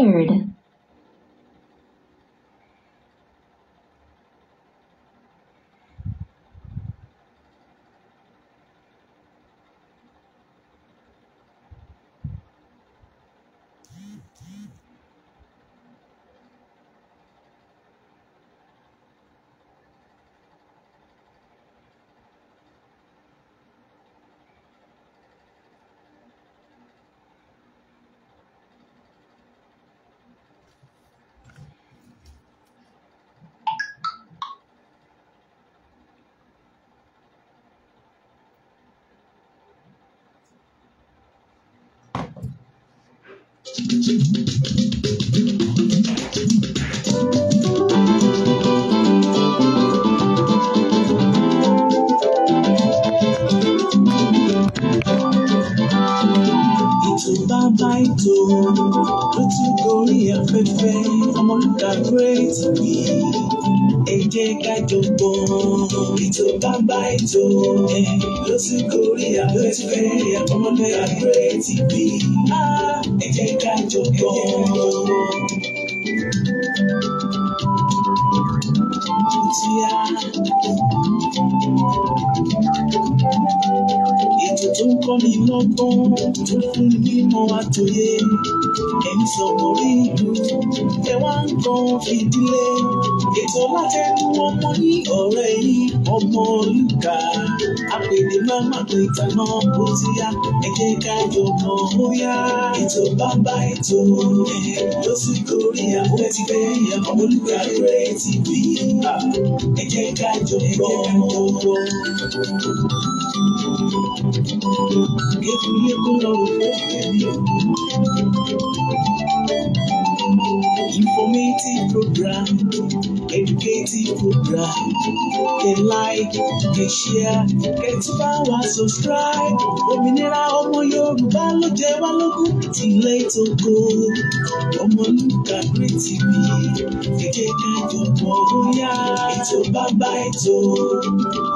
prepared ètò ló tún gorí afẹ́fẹ́ ọmọlúkà great bí ẹ jẹ́ ká jọ̀bọ̀ ètò bàbá ètò ló tún gorí afẹ́fẹ́ ọmọlúkà great bí to go. Ètò tó ń kọ́ mi lọ́gbọ́n tó fún mi mọ́ àtòyé. Ẹ̀yin sọ̀rọ̀ rí ìlú, ẹ wá ń kan fìdílé. Ètò látẹnu ọmọ ní ọ̀rẹ́ yìí, ọmọ ètò ìtàná bó ti yá ẹ jẹ́ ká ó yá. ètò bàbá ètò ẹ̀ ló sì gorí àpẹ́ ti fẹ́ ìyàwó olùkàrẹ́ ti bí ẹ jẹ́ ká jọ mọ̀ ó yá. Yékuyéku lọ́wọ́ ẹ̀mí òkú. Informative program, educative program like share kẹ́tì bá wa subscribe òmìnira ọmọ Yorùbá ló jẹ wá lógún tilẹ̀ tókó Ọmọlúkà Great TV kékeré kájọpọ̀ bóyá ètò bàbá ètò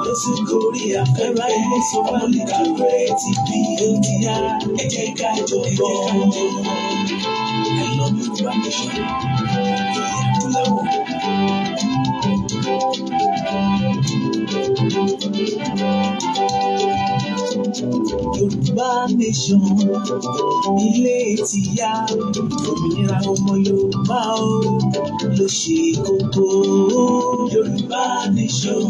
ló tún gorí afẹ́rẹ́ ẹ̀ẹ́dẹ́sọ Ọmọlúkà Great TV ó ti yá ẹ̀jẹ̀ kájọpọ̀ ẹ̀lọ́mọlúkà Great TV ó ti yá ẹ̀jẹ̀ kájọpọ̀. Yorùbá nation ilé tìyá òmìnira ọmọ Yorùbá o ló ṣe kókó. Yorùbá nation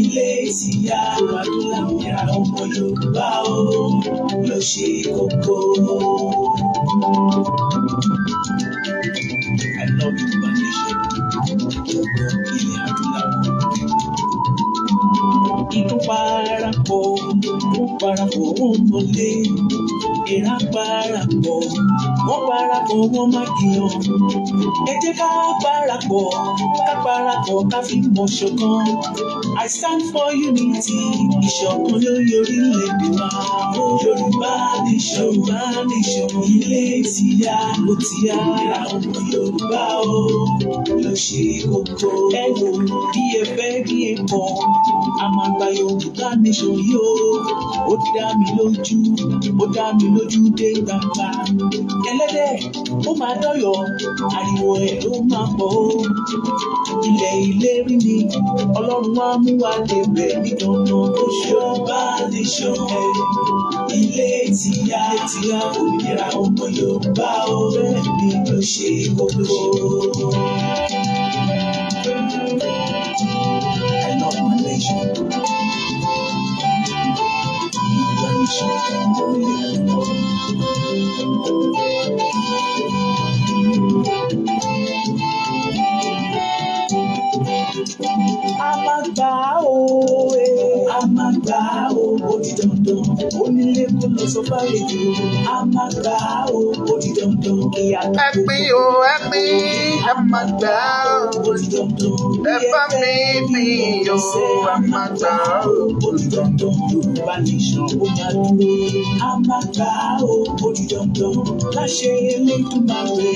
ilé tìyá òmìnira ọmọ Yorùbá o ló ṣe kókó. para o mundo ler. ìran parapọ̀ wọ́n parapọ̀ wọ́n má jiyàn. ẹ jẹ́ ká parapọ̀ ká parapọ̀ ká fi mọ̀ ṣọ̀kan. I stand for unity ìṣọ̀kan lórí orílẹ̀-èdè wa. Yorùbá ní Yorùbá ní Yorùbá ilé ti yá ó ti yá. Ìlànà Yorùbá o ló ṣe kókó. Ẹ wò bí ẹ fẹ́ bí ẹ kọ̀. Àmàgbà Yorùbá ní Yorùbá yóò ó dá mi lójú ó dá mi lójú dé gbangba ẹlẹ́dẹ̀ ó máa dọ́yọ̀ ariwo rẹ̀ ló máa pọ̀ ó ilẹ̀ ìlérí ni ọlọ́run á mú wa lè bẹ̀ ní dandan ó ṣe bá lè ṣan ẹ ilé tìyá tìyá òmìnira ọmọ Yorùbá ó rẹ̀ ní ló ṣe kókó. Amagba o, oh, eh. amagba o, oh, oh, dandan onílé kò lọ sọ fàlejò a máa gbà ó ó di dandan ìyá tó pin o ẹ pín ẹ máa gbà ó ó di dandan ẹ bá mi pin oa maa o a máa gbà ó ó di dandan yorùbá nation ó máa dúró a máa gbà ó ó di dandan láṣẹ Elédùmarè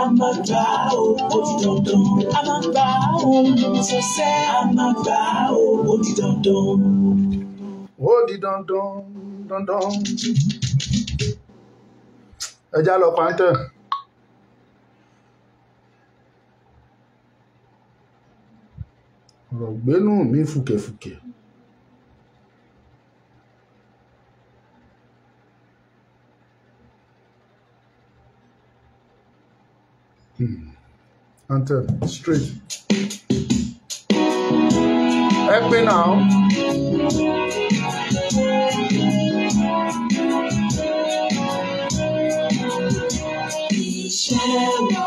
a máa gbà ó ó di dandan a ó sọsẹ a máa gbà ó ó di dandan. di dandan dandan ẹja lọ pàǹtẹ̀. ọ̀rọ̀ gbénú mi fùkẹ̀fùkẹ̀. Hmm. Anthem straight. Help me now. Amen.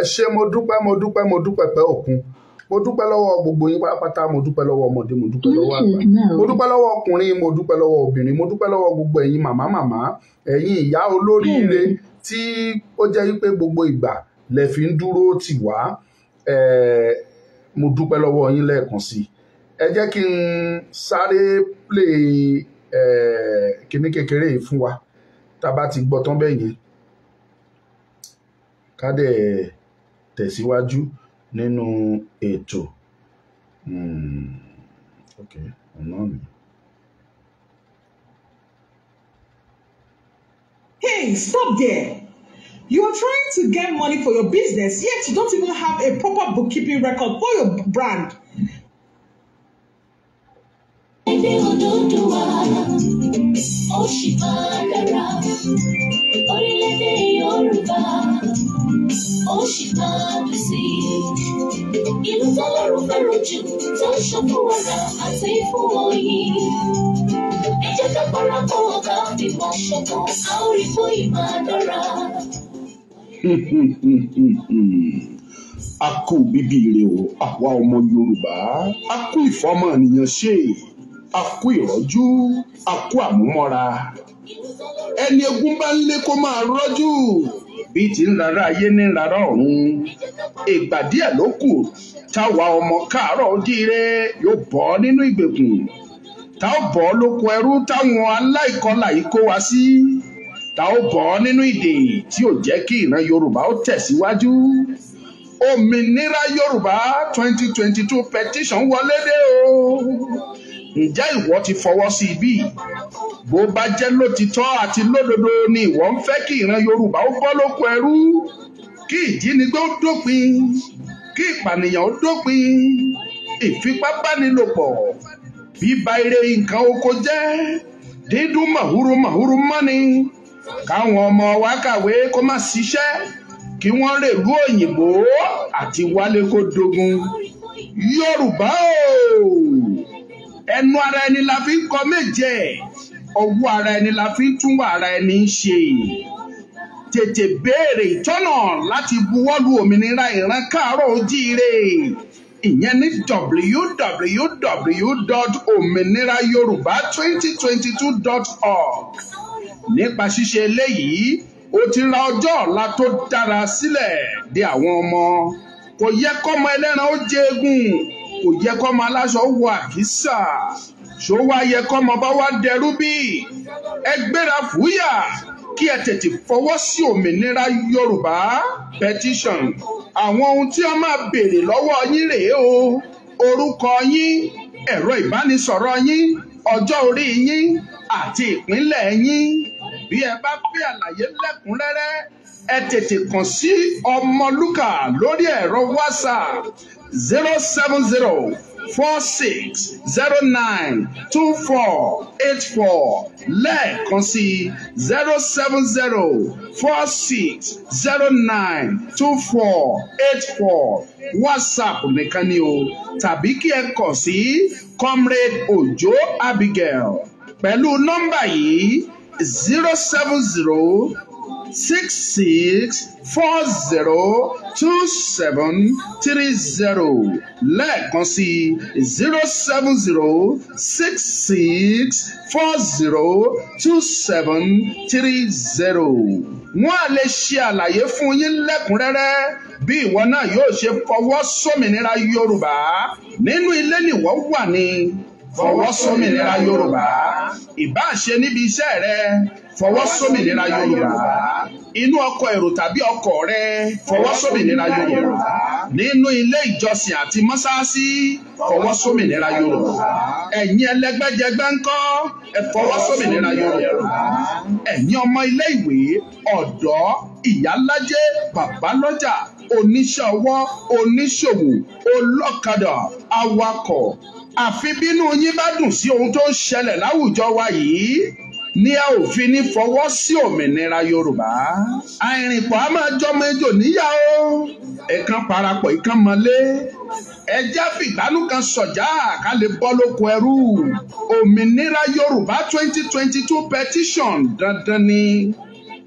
ẹ ṣé mo dúpẹ́ mo dúpẹ́ mo dúpẹ́ pẹ́ òkun mo dúpẹ́ lọ́wọ́ gbogbo yín pátápátá mo dúpẹ́ lọ́wọ́ ọmọdé mo dúpẹ́ lọ́wọ́ àgbà mm, mo dúpẹ́ lọ́wọ́ ọkùnrin mo dúpẹ́ lọ́wọ́ obìnrin mo dúpẹ́ lọ́wọ́ gbogbo ẹ̀yin màmá màmá ẹ̀yin ìyá olóríire mm. tí ó jẹ́ wípé gbogbo ìgbà lẹ fi ń dúró tì wá mo dúpẹ́ lọ́wọ́ yín lẹ́ẹ̀kan sí ẹ jẹ́ kí n sáré play kíní kékeré yìí fún wa tá a bá ti gbọ́ tán bẹ́ẹ̀ yẹn ká dẹ̀ tẹ̀síwájú nínú ètò hmm, ọ̀nà mi. Hey, stop there. You are trying to get money for your business, yet you don't even have a proper bookkeeping record for your brand. Ẹgbẹ́ Odùduwà, èdè Yorùbá ó sì dábì sí i. Inú tọ́lọ́run fẹ́ràn jù tó ń ṣàkóhàdà àti fún oyin. Ẹ jẹ́ ká parapọ̀ ọ̀gá fìmọ̀ ṣọ̀kan, a ó rí fún ìmọ̀ dára. A kú bíbí ire o, àwa ọmọ Yorùbá, a kú ìfọ́mọ nìyàn ṣe, a kú ìrọ́jú, a kú àmúmọ́ra. Ẹni egun bá ń lé kó máa rọ́jú bí ti ń rárá ayé ní rárá ọ̀run ìgbà díẹ̀ ló kù táwa ọmọ káàárọ̀ ojíire yóò bọ́ nínú ìgbèkùn tá ó bọ́ lóko ẹrú táwọn aláìkọlà yìí kó wa sí tá ó bọ́ nínú ìdè tí ò jẹ́ kí ìran Yorùbá ó tẹ̀síwájú òmìnira Yorùbá twenty twenty two petition wọlé dé o ǹjẹ́ ìwọ ti fọwọ́ sí ibí bó bá jẹ́ lótìtọ́ àti lódodo ni ìwọ ń fẹ́ kí ìran Yorùbá ó bọ́ lóko ẹrú kí ìjínigbé ó dópin kí ìpànìyàn ó dópin ìfipábánilòpọ̀ bíba ire nǹkan oko jẹ́ dídún màhúrú màhúrú mọ́ni káwọn ọmọ wa kàwé kó má ṣiṣẹ́ kí wọ́n lè rú òyìnbó àti wálé kó dogun Yorùbá ooo ẹnu ara ẹni la fi ń kọ méje ọwọ́ ara ẹni la fi ń túnwà ara ẹni ń ṣe tètè béèrè ìtọ́nà láti buwọ́lu òmìnira ìran káàárọ̀ ojíire ìyẹn ní www.òmìnirayorùbá2022.org nípa ṣíṣe eléyìí ó ti ra ọjọ́ ọ̀la tó dára sílẹ̀ de àwọn ọmọ kò yẹ kọ́mọ ẹlẹ́ran ó jẹ egun kò yẹ kọ́mọ aláṣọ wọ àkísà ṣó wá yẹ kọ́mọ bá wá dẹrú bí ẹ gbéra fúyà kí ẹ tètè fọwọ́ sí òmìnira yorùbá petition àwọn ohun tí wọ́n máa béèrè lọ́wọ́ yín rèé o orúkọ yín ẹ̀rọ ìbánisọ̀rọ̀ yín ọjọ́ orí yín àti ìpínlẹ̀ yín bí ẹ bá fẹ́ àlàyé lẹ́kùnrẹ́rẹ́ ẹ tètè kàn sí ọmọlúkà lórí ẹ̀rọ whatsapp zero seven zero four six zero nine two four eight four lẹ́ẹ̀kan sí zero seven zero four six zero nine two four eight four whatsapp nìkan ni o tàbí kí ẹ kọ̀ sí comrade ojo abigail pẹ̀lú nọ́mbà yìí zero seven zero six six four zero two seven three zero lẹ́ẹ̀kan sí zero seven zero six six four zero two seven three zero. wọ́n á lè ṣe àlàyé fún yín lẹ́kùnrẹ́rẹ́ bí ìwọ náà yóò ṣe fọwọ́ sómìnira Yorùbá nínú ilé nìwọ wà ní fọwọ́ sómìnira Yorùbá ìbá ṣe níbi iṣẹ́ rẹ fọwọ́ sómìnira Yorùbá inú ọkọ̀ èrò tàbí ọkọ̀ rẹ fọwọ́ sómìnira Yorùbá nínú ilé ìjọsìn àti mọ́sáàsì fọwọ́ sómìnira Yorùbá ẹ̀yin ẹlẹ́gbẹ́jẹgbẹ́ ńkọ́ ẹ fọwọ́ sómìnira Yorùbá ẹ̀yin ọmọ ilé ìwé ọ̀dọ́ ìyálájẹ bàbálọ́jà oníṣẹ́ ọwọ́ oníṣòwò olókadà awakọ̀ àfi bínú yín bá dùn sí ohun tó ń ṣẹlẹ̀ láwùjọ wa yìí ni a ò fi ní fọwọ́ sí òmìnira yorùbá àìrìnpọ̀ a máa jọmọ ejò níyà o ẹ̀kan parapọ̀ ìkan mọ́lé ẹjẹ́ fìgbánú kan sọ̀já ká lè bọ́ lóko ẹrú òmìnira yorùbá twenty twenty two petition dandan ni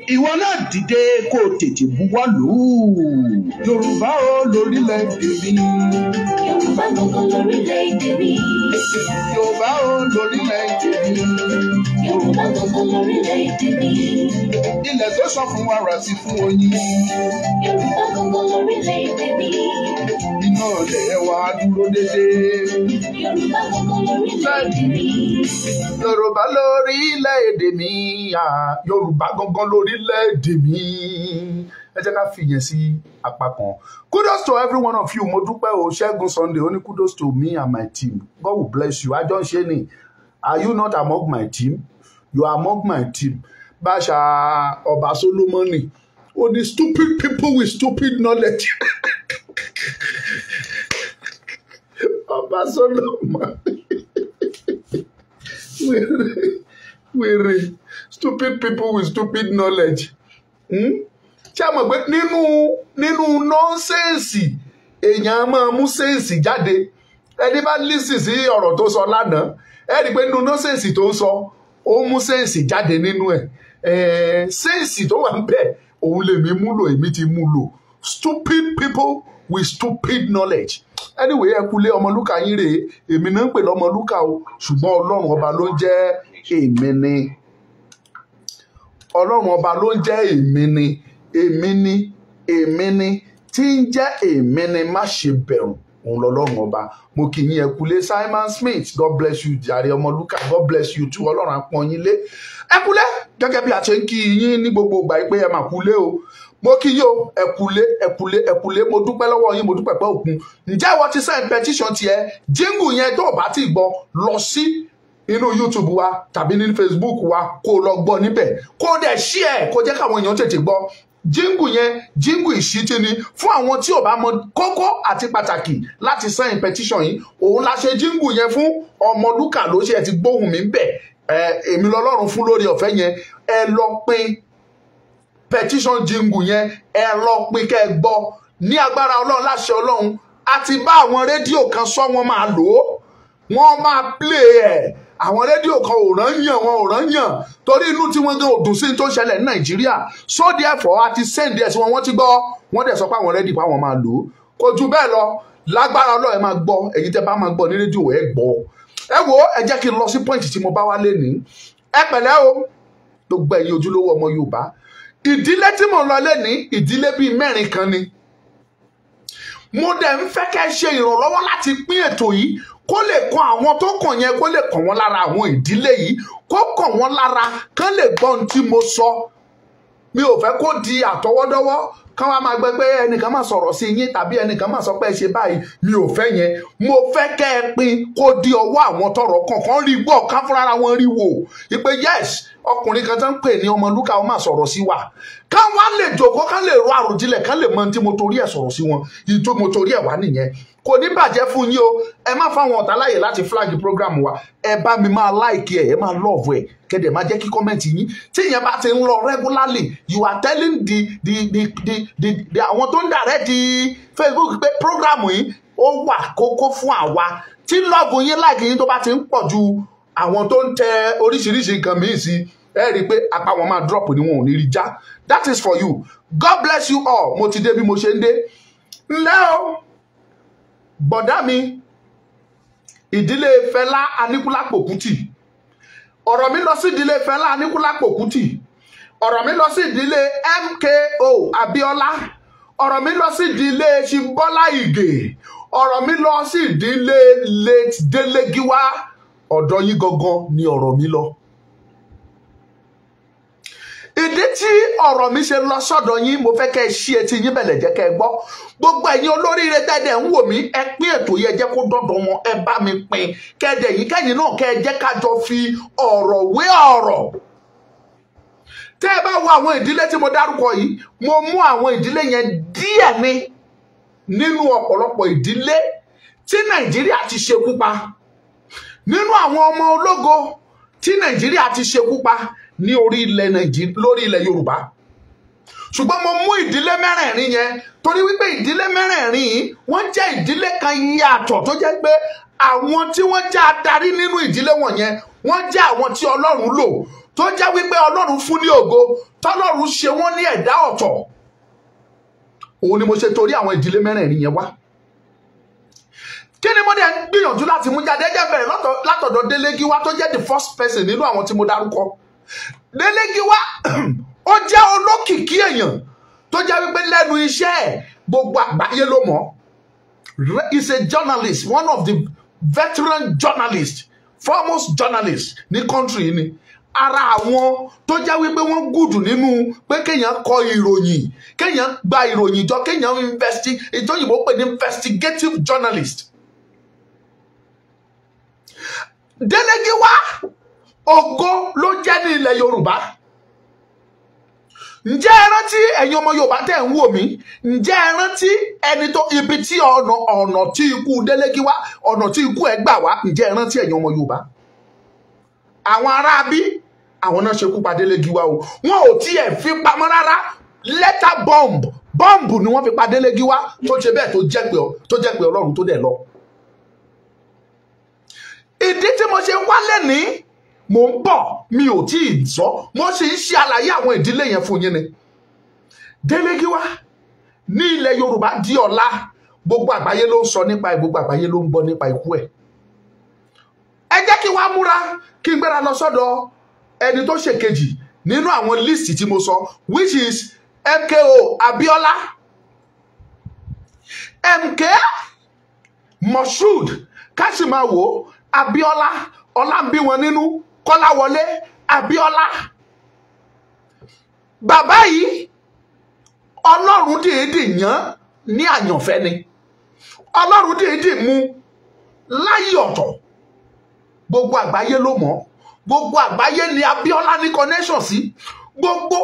ìwọ náà dìde kó o tètè buwọ́ lù ú. yorùbá o lórílẹ̀‐èdè mi. yorùbá gangan lórílẹ̀‐èdè mi. yorùbá o lórílẹ̀‐èdè mi. yorùbá gangan lórílẹ̀‐èdè mi. ilẹ̀ tó sọ fún wàrà sí fún oyin. yorùbá gangan lórílẹ̀‐èdè mi náà lẹ̀ wá dúró déédéé. Yorùbá lórílẹ̀‐èdè mi, Yorùbá gangan lórílẹ̀‐èdè mi. Ẹ jẹ́ ká fìyẹn sí apá Kudos to every one of you. Mo dúpẹ́ o, Ṣẹ́gun Sunday, ó ní kudos to me and my team. God will bless you. Ajọ́ ń ṣe ni, are you not among my team? You are among my team. Báṣà Ọba Solomoni, ó ní stupid people with stupid knowledge. Bàbá Solomon wèrè wèrè stupid people with stupid knowledge. Hmm? Ṣé a mọ̀ pé nínú nínú nọ́ńsẹ̀nsì èèyàn máa mú sẹ́ǹsì jáde ẹni bá lísì sí ọ̀rọ̀ tó sọ lánàá ẹ rí i pé nínú nọ́ńsẹ̀nsì tó ń sọ ó mú sẹ́ǹsì jáde nínú ẹ̀ sẹ́ǹsì tó wà ń bẹ̀ òun lèmi múlò èmi ti múlò stupid people with stupid knowledge anyway ẹ kúlé ọmọlúkà yín rèé èmi náà ń pè lọ́mọlúkà o ṣùgbọ́n ọlọ́run ọba ló ń jẹ́ èmi ni ọlọ́run ọba ló ń jẹ́ èmi ni èmi ni èmi ni tí ń jẹ́ èmi ni má ṣe bẹ̀rù òun lọ́lọ́run ọba mo kì í yín ẹ̀kúlé Simon Smith God bless you jàre ọmọlúkà God bless you too ọlọ́run á pọ́n yín lé ẹ̀kúlé gẹ́gẹ́ bí a ṣe ń kí yín ní gbogbo ìgbà pé ẹ mà kúlé o mo kí yín o ẹ̀kúlé ẹ̀kúlé ẹ̀kúlé mo dúpẹ́ lọ́wọ́ yín mo dúpẹ́ pẹ́ òkun ǹjẹ́ ìwọ ti send petition tiẹ̀ jíngù yẹn tó o bá ti gbọ́ lọ sí inú YouTube wa tàbí ní Facebook wa kó o lọ gbọ́ níbẹ̀ kó o dẹ̀ share kó jẹ́ káwọn èèyàn tètè gbọ́ jíngù yẹn jíngù ìṣítí ni fún àwọn tí ò bá mọ kókó àti pàtàkì láti sign petition yìí òun la ṣe jíngù yẹn fún Ọmọlúkà ló ṣe ti gbóhùn mi bẹ̀ èmi lọ́lọ́run fún lórí ọ̀fẹ́ yẹn ẹ lọ pín petition jingle yẹn ẹ lọ pín kẹ́ ẹ gbọ́ ní agbára ọlọ́run láṣẹ ọlọ́run a ti bá àwọn rédíò kan sọ wọn máa lò ó wọ́n máa play ẹ̀ àwọn rédíò kan ò rányàn wọn ò rányàn torí inú tí wọ́n gan ò dùn sí tó ń ní nàìjíríà so therefore a ti send ẹ̀ sí wọn wọ́n ti gbọ́ wọ́n dẹ̀ sọ pé àwọn rédíò pa wọn máa lò ó kò jù bẹ́ẹ̀ lọ lágbára ọlọ́run ẹ máa gbọ́ ẹ̀yin tẹ́ bá máa gbọ́ ní rédíò ẹ gbọ́ ẹ wo ẹ jẹ́ kí n lọ sí point tí mo bá wá lé ní ẹ pẹ̀lẹ́ o gbogbo ẹ̀yin ojúlówó ọmọ yorùbá ìdílé tí mò ń lọ lé ní ìdílé bíi mẹ́rin kan ni mo dẹ̀ ń fẹ́ kẹ́ ṣe ìrànlọ́wọ́ láti pín ètò yìí kó lè kan àwọn tó kàn yẹn kó lè kàn wọ́n lára àwọn ìdílé yìí kó kàn wọ́n lára kán lè gbọ́ ohun tí mo sọ mi ò fẹ́ kó di àtọwọ́dọ́wọ́ kán wá máa gbẹ pé ẹnìkan máa sọ̀rọ̀ sí yín tàbí ẹnìkan máa sọ pé ẹ ṣe báyìí mi ò fẹ́ yẹn mo fẹ́ kẹ́ ẹ pín kó di ọwọ́ àwọn tọrọ kọ̀ọ̀kan rí gbọ́ kán fúnra wọn rí wò ìpè yes ọkùnrin kan tó ń pè ní ọmọ lúkà ó máa sọ̀rọ̀ sí wa ká wá lè jókòó ká lè ro àròjinlẹ̀ ká lè mọ ohun tí mo torí ẹ̀ sọ̀rọ̀ sí wọn ìyí mo torí ẹ̀ wá nìyẹn kò ní bàjẹ́ fún yín o ẹ má fáwọn ọ̀tá láàyè láti flag program wa ẹ bá mi máa like ẹ ẹ máa love ẹ kẹdẹ máa jẹ́ kí kọ́mẹ̀ntì yín tí ìyẹn bá ti ń lọ regularly you are telling the the the the the, the àwọn tó ń direct di Facebook pé program yìí ó wà kókó fún àwa tí love yín like yín tó bá ti ń pọ̀ ju àwọn tó ń tẹ oríṣiríṣi nǹkan míì sí ẹ rí i pé apá wọn máa drop ni wọn ò ní rí já that is for you god bless you all mo ti dé bí mo ṣe ń dé ńlẹ́ o bọ̀dá mi ìdílé Fẹlá Aníkúlápó Kútì ọ̀rọ̀ mi lọ sí ìdílé Fẹlá Aníkúlápó Kútì ọ̀rọ̀ mi lọ sí ìdílé MKO Abiola. ọ̀rọ̀ mi lọ sí ìdílé Ṣíbọ́lá Ìgè ọ̀rọ̀ mi lọ sí ìdílé late Délé Gíwá ọ̀dọ̀ yín gangan ni ọ̀rọ̀ mi lọ ìdí tí ọ̀rọ̀ mi ṣe lọ sọ́dọ̀ yín mo fẹ́ kẹ́ ẹ ṣí etí yín bẹ̀lẹ̀ jẹ́ kẹ́ ẹ gbọ́ gbogbo ẹ̀yin olóríire tẹ́lẹ̀ ń wò mí ẹ pín ètò yẹn jẹ́ kó dọ̀dọ̀ wọn ẹ bá mi pín kẹ́ẹ̀dẹ̀ yìí kẹ́yìn náà kẹ́ ẹ jẹ́ ká jọ fi ọ̀rọ̀ wé ọ̀rọ̀ tẹ́ ẹ bá wo àwọn ìdílé tí mo dárúkọ yìí mo mú àwọn ìdílé yẹn díẹ̀ ni nínú ọ̀pọ̀lọpọ̀ ìdílé tí Nàìjíríà ti ṣekú pa nínú àwọn ọmọ ológo tí nàìjíríà ti ṣekú pa ní orí ilẹ̀ nàìjíríà lórí ilẹ̀ yorùbá ṣùgbọ́n mo mú ìdílé mẹ́rẹ̀ẹ̀rin yẹn torí wípé ìdílé mẹ́rẹ̀ẹ̀rin yìí wọ́n jẹ́ ìdílé kan yàtọ̀ tó jẹ́ pé àwọn tí wọ́n jẹ́ adarí nínú ìdílé wọn yẹn wọ́n jẹ́ àwọn tí ọlọ́run lò tó jẹ́ wípé ọlọ́run fún ní ògo tọ́lọ́run ṣe wọ́n ní ẹ̀dá ọ̀tọ̀ òun ni mo ṣe torí àwọn ìdílé mẹ́rẹ̀ẹ̀rin yẹn wá kí ni mo dẹ̀ ń gbìyànjú láti mú jáde jẹ́ bẹ̀rẹ̀ látọ̀dọ̀ Délégiwá tó jẹ́ the first person nínú àwọn tí mo dárúkọ Délégiwá ó jẹ́ olókìkí èèyàn tó jẹ́ wípé lẹ́nu iṣẹ́ ẹ̀ gbogbo àgbáyé ló mọ̀ is a journalist one of the veteran journalists foremost journalist ní country ni ara àwọn tó jẹ́ wípé wọ́n gùdù nínú pé kéèyàn kọ ìròyìn kéèyàn gba ìròyìn jọ kéèyàn investi ìjọyìnbó pè ní investigative journalist Délégiwá Ogo, ló jẹ́ ní ilẹ̀ Yorùbá ǹjẹ́ ẹ rántí ẹ̀yin ọmọ Yorùbá tẹ̀ ń wò mí ǹjẹ́ ẹ rántí ẹni tó ibi tí ọ̀nà ọ̀nà tí ikú Délégiwá ọ̀nà tí ikú ẹ̀ gbà wá ǹjẹ́ ẹ rántí ẹ̀yin ọmọ Yorùbá àwọn aráabí àwọn náà ṣekú pa Délégiwá o wọn ò tiẹ̀ fi pamọ́ rárá lẹ́tà bọ́ǹbù bọ́ǹbù ni wọ́n fi pa Délégiwá tó ṣe bẹ́ẹ̀ tó jẹ́ pé Ọlọ́run tó dẹ̀ lọ ìdí tí mo ṣe wálé ní mò ń bọ̀ mi ò tí ì sọ mo sì ń ṣe àlàyé àwọn ìdílé yẹn fún yín ni Delegiwa ní ilẹ̀ Yorùbá di ọ̀la gbogbo àgbáyé ló ń sọ nípa ẹ̀ gbogbo àgbáyé ló ń gbọ́ nípa ikú ẹ̀ ẹ jẹ́ kí wàá múra kí n gbéra lọ sọ́dọ̀ ẹni tó ṣèkejì nínú àwọn líìsì tí mo sọ which is MKO Abiola MK Moshood ká sì Abiola, ọlá ń bí wọn nínú Kọ́láwọlé Abíọ́lá bàbá yìí Ọlọ́run dèédè yàn ní àyànfẹ́ ni Ọlọ́run dèédè mú láyé ọ̀tọ̀ gbogbo àgbáyé ló mọ̀ gbogbo àgbáyé ni Abíọ́lá ní connection sí gbogbo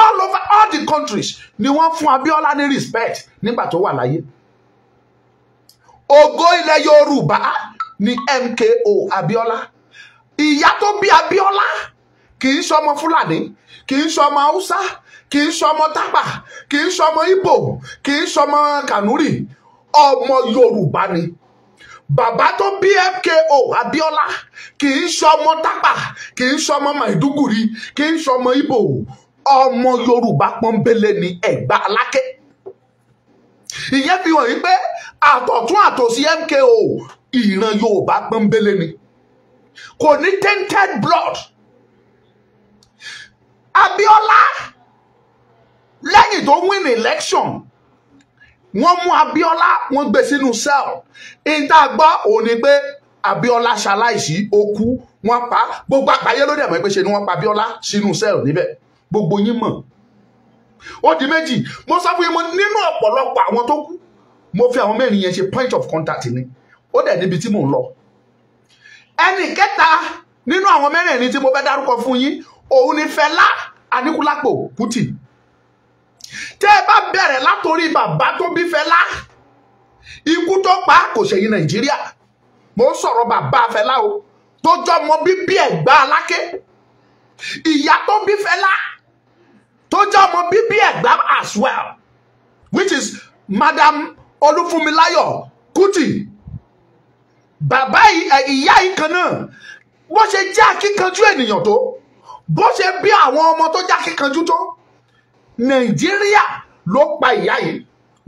all over all the countries ni wọ́n fún Abíọ́lá ní respect nígbà tó wà láyé ògo ilẹ̀ Yorùbá ni MKO Abíọ́lá ìyá tó bí Abíọ́lá kì í ṣọmọ Fúlàní kì í ṣọmọ Haúsá kì í ṣọmọ Tápà kì í ṣọmọ Ìgbò kì í ṣọmọ Kànúrì ọmọ Yorùbá ni bàbá tó bí MKO Abíọ́lá kì í ṣọmọ Tápà kì í ṣọmọ Maiduguri kì í ṣọmọ Ìgbò ọmọ Yorùbá pọ́nbélé ni Ẹ̀gbá Aláké ìyẹn fi hàn yí pé àtọ̀tún àtòsí MKO ìran Yorùbá pọ́nbélé ni kò ní tainted blood Abiola lẹ́yìn tó win election wọ́n mú Abiola wọ́n gbé sínú cell ìta gbọ́ òun pé Abiola ṣaláìsí ó kú wọ́n pa gbogbo àpáyé lórí àmọ́ ẹgbẹ́ ṣe ni wọ́n pa Abiola sínú cell níbẹ̀ gbogbo yín mọ̀ ó di méjì mo sọ fún yín mo nínú ọ̀pọ̀lọpọ̀ àwọn tó kú mo fi àwọn mẹ́rin yẹn ṣe point of contact ni ó dẹ̀ níbi tí mò ń lọ ẹnì kẹta nínú àwọn mẹ́rẹ̀ẹ̀rin tí mo fẹ́ dárúkọ fún yín òun ni Fẹlá Aníkúlápò Kútì tẹ́ ẹ bá bẹ̀rẹ̀ látòrí bàbá tó bí Fẹlá ikú tó pa kò ṣẹ̀yìn Nàìjíríà mo sọ̀rọ̀ bàbá Fẹlá o tó jọmọ bíbí Ẹ̀gbá Aláké ìyá tó bí Fẹlá tó jọmọ bíbí Ẹ̀gbá as well which is Madam Olúfúnmiláyọ̀ Kútì bàbá ìyá yìí kan náà bó ṣe jẹ́ akíkanjú ènìyàn tó bó ṣe bí àwọn ọmọ tó jẹ́ akíkanjú tó nàìjíríà ló pa ìyá yìí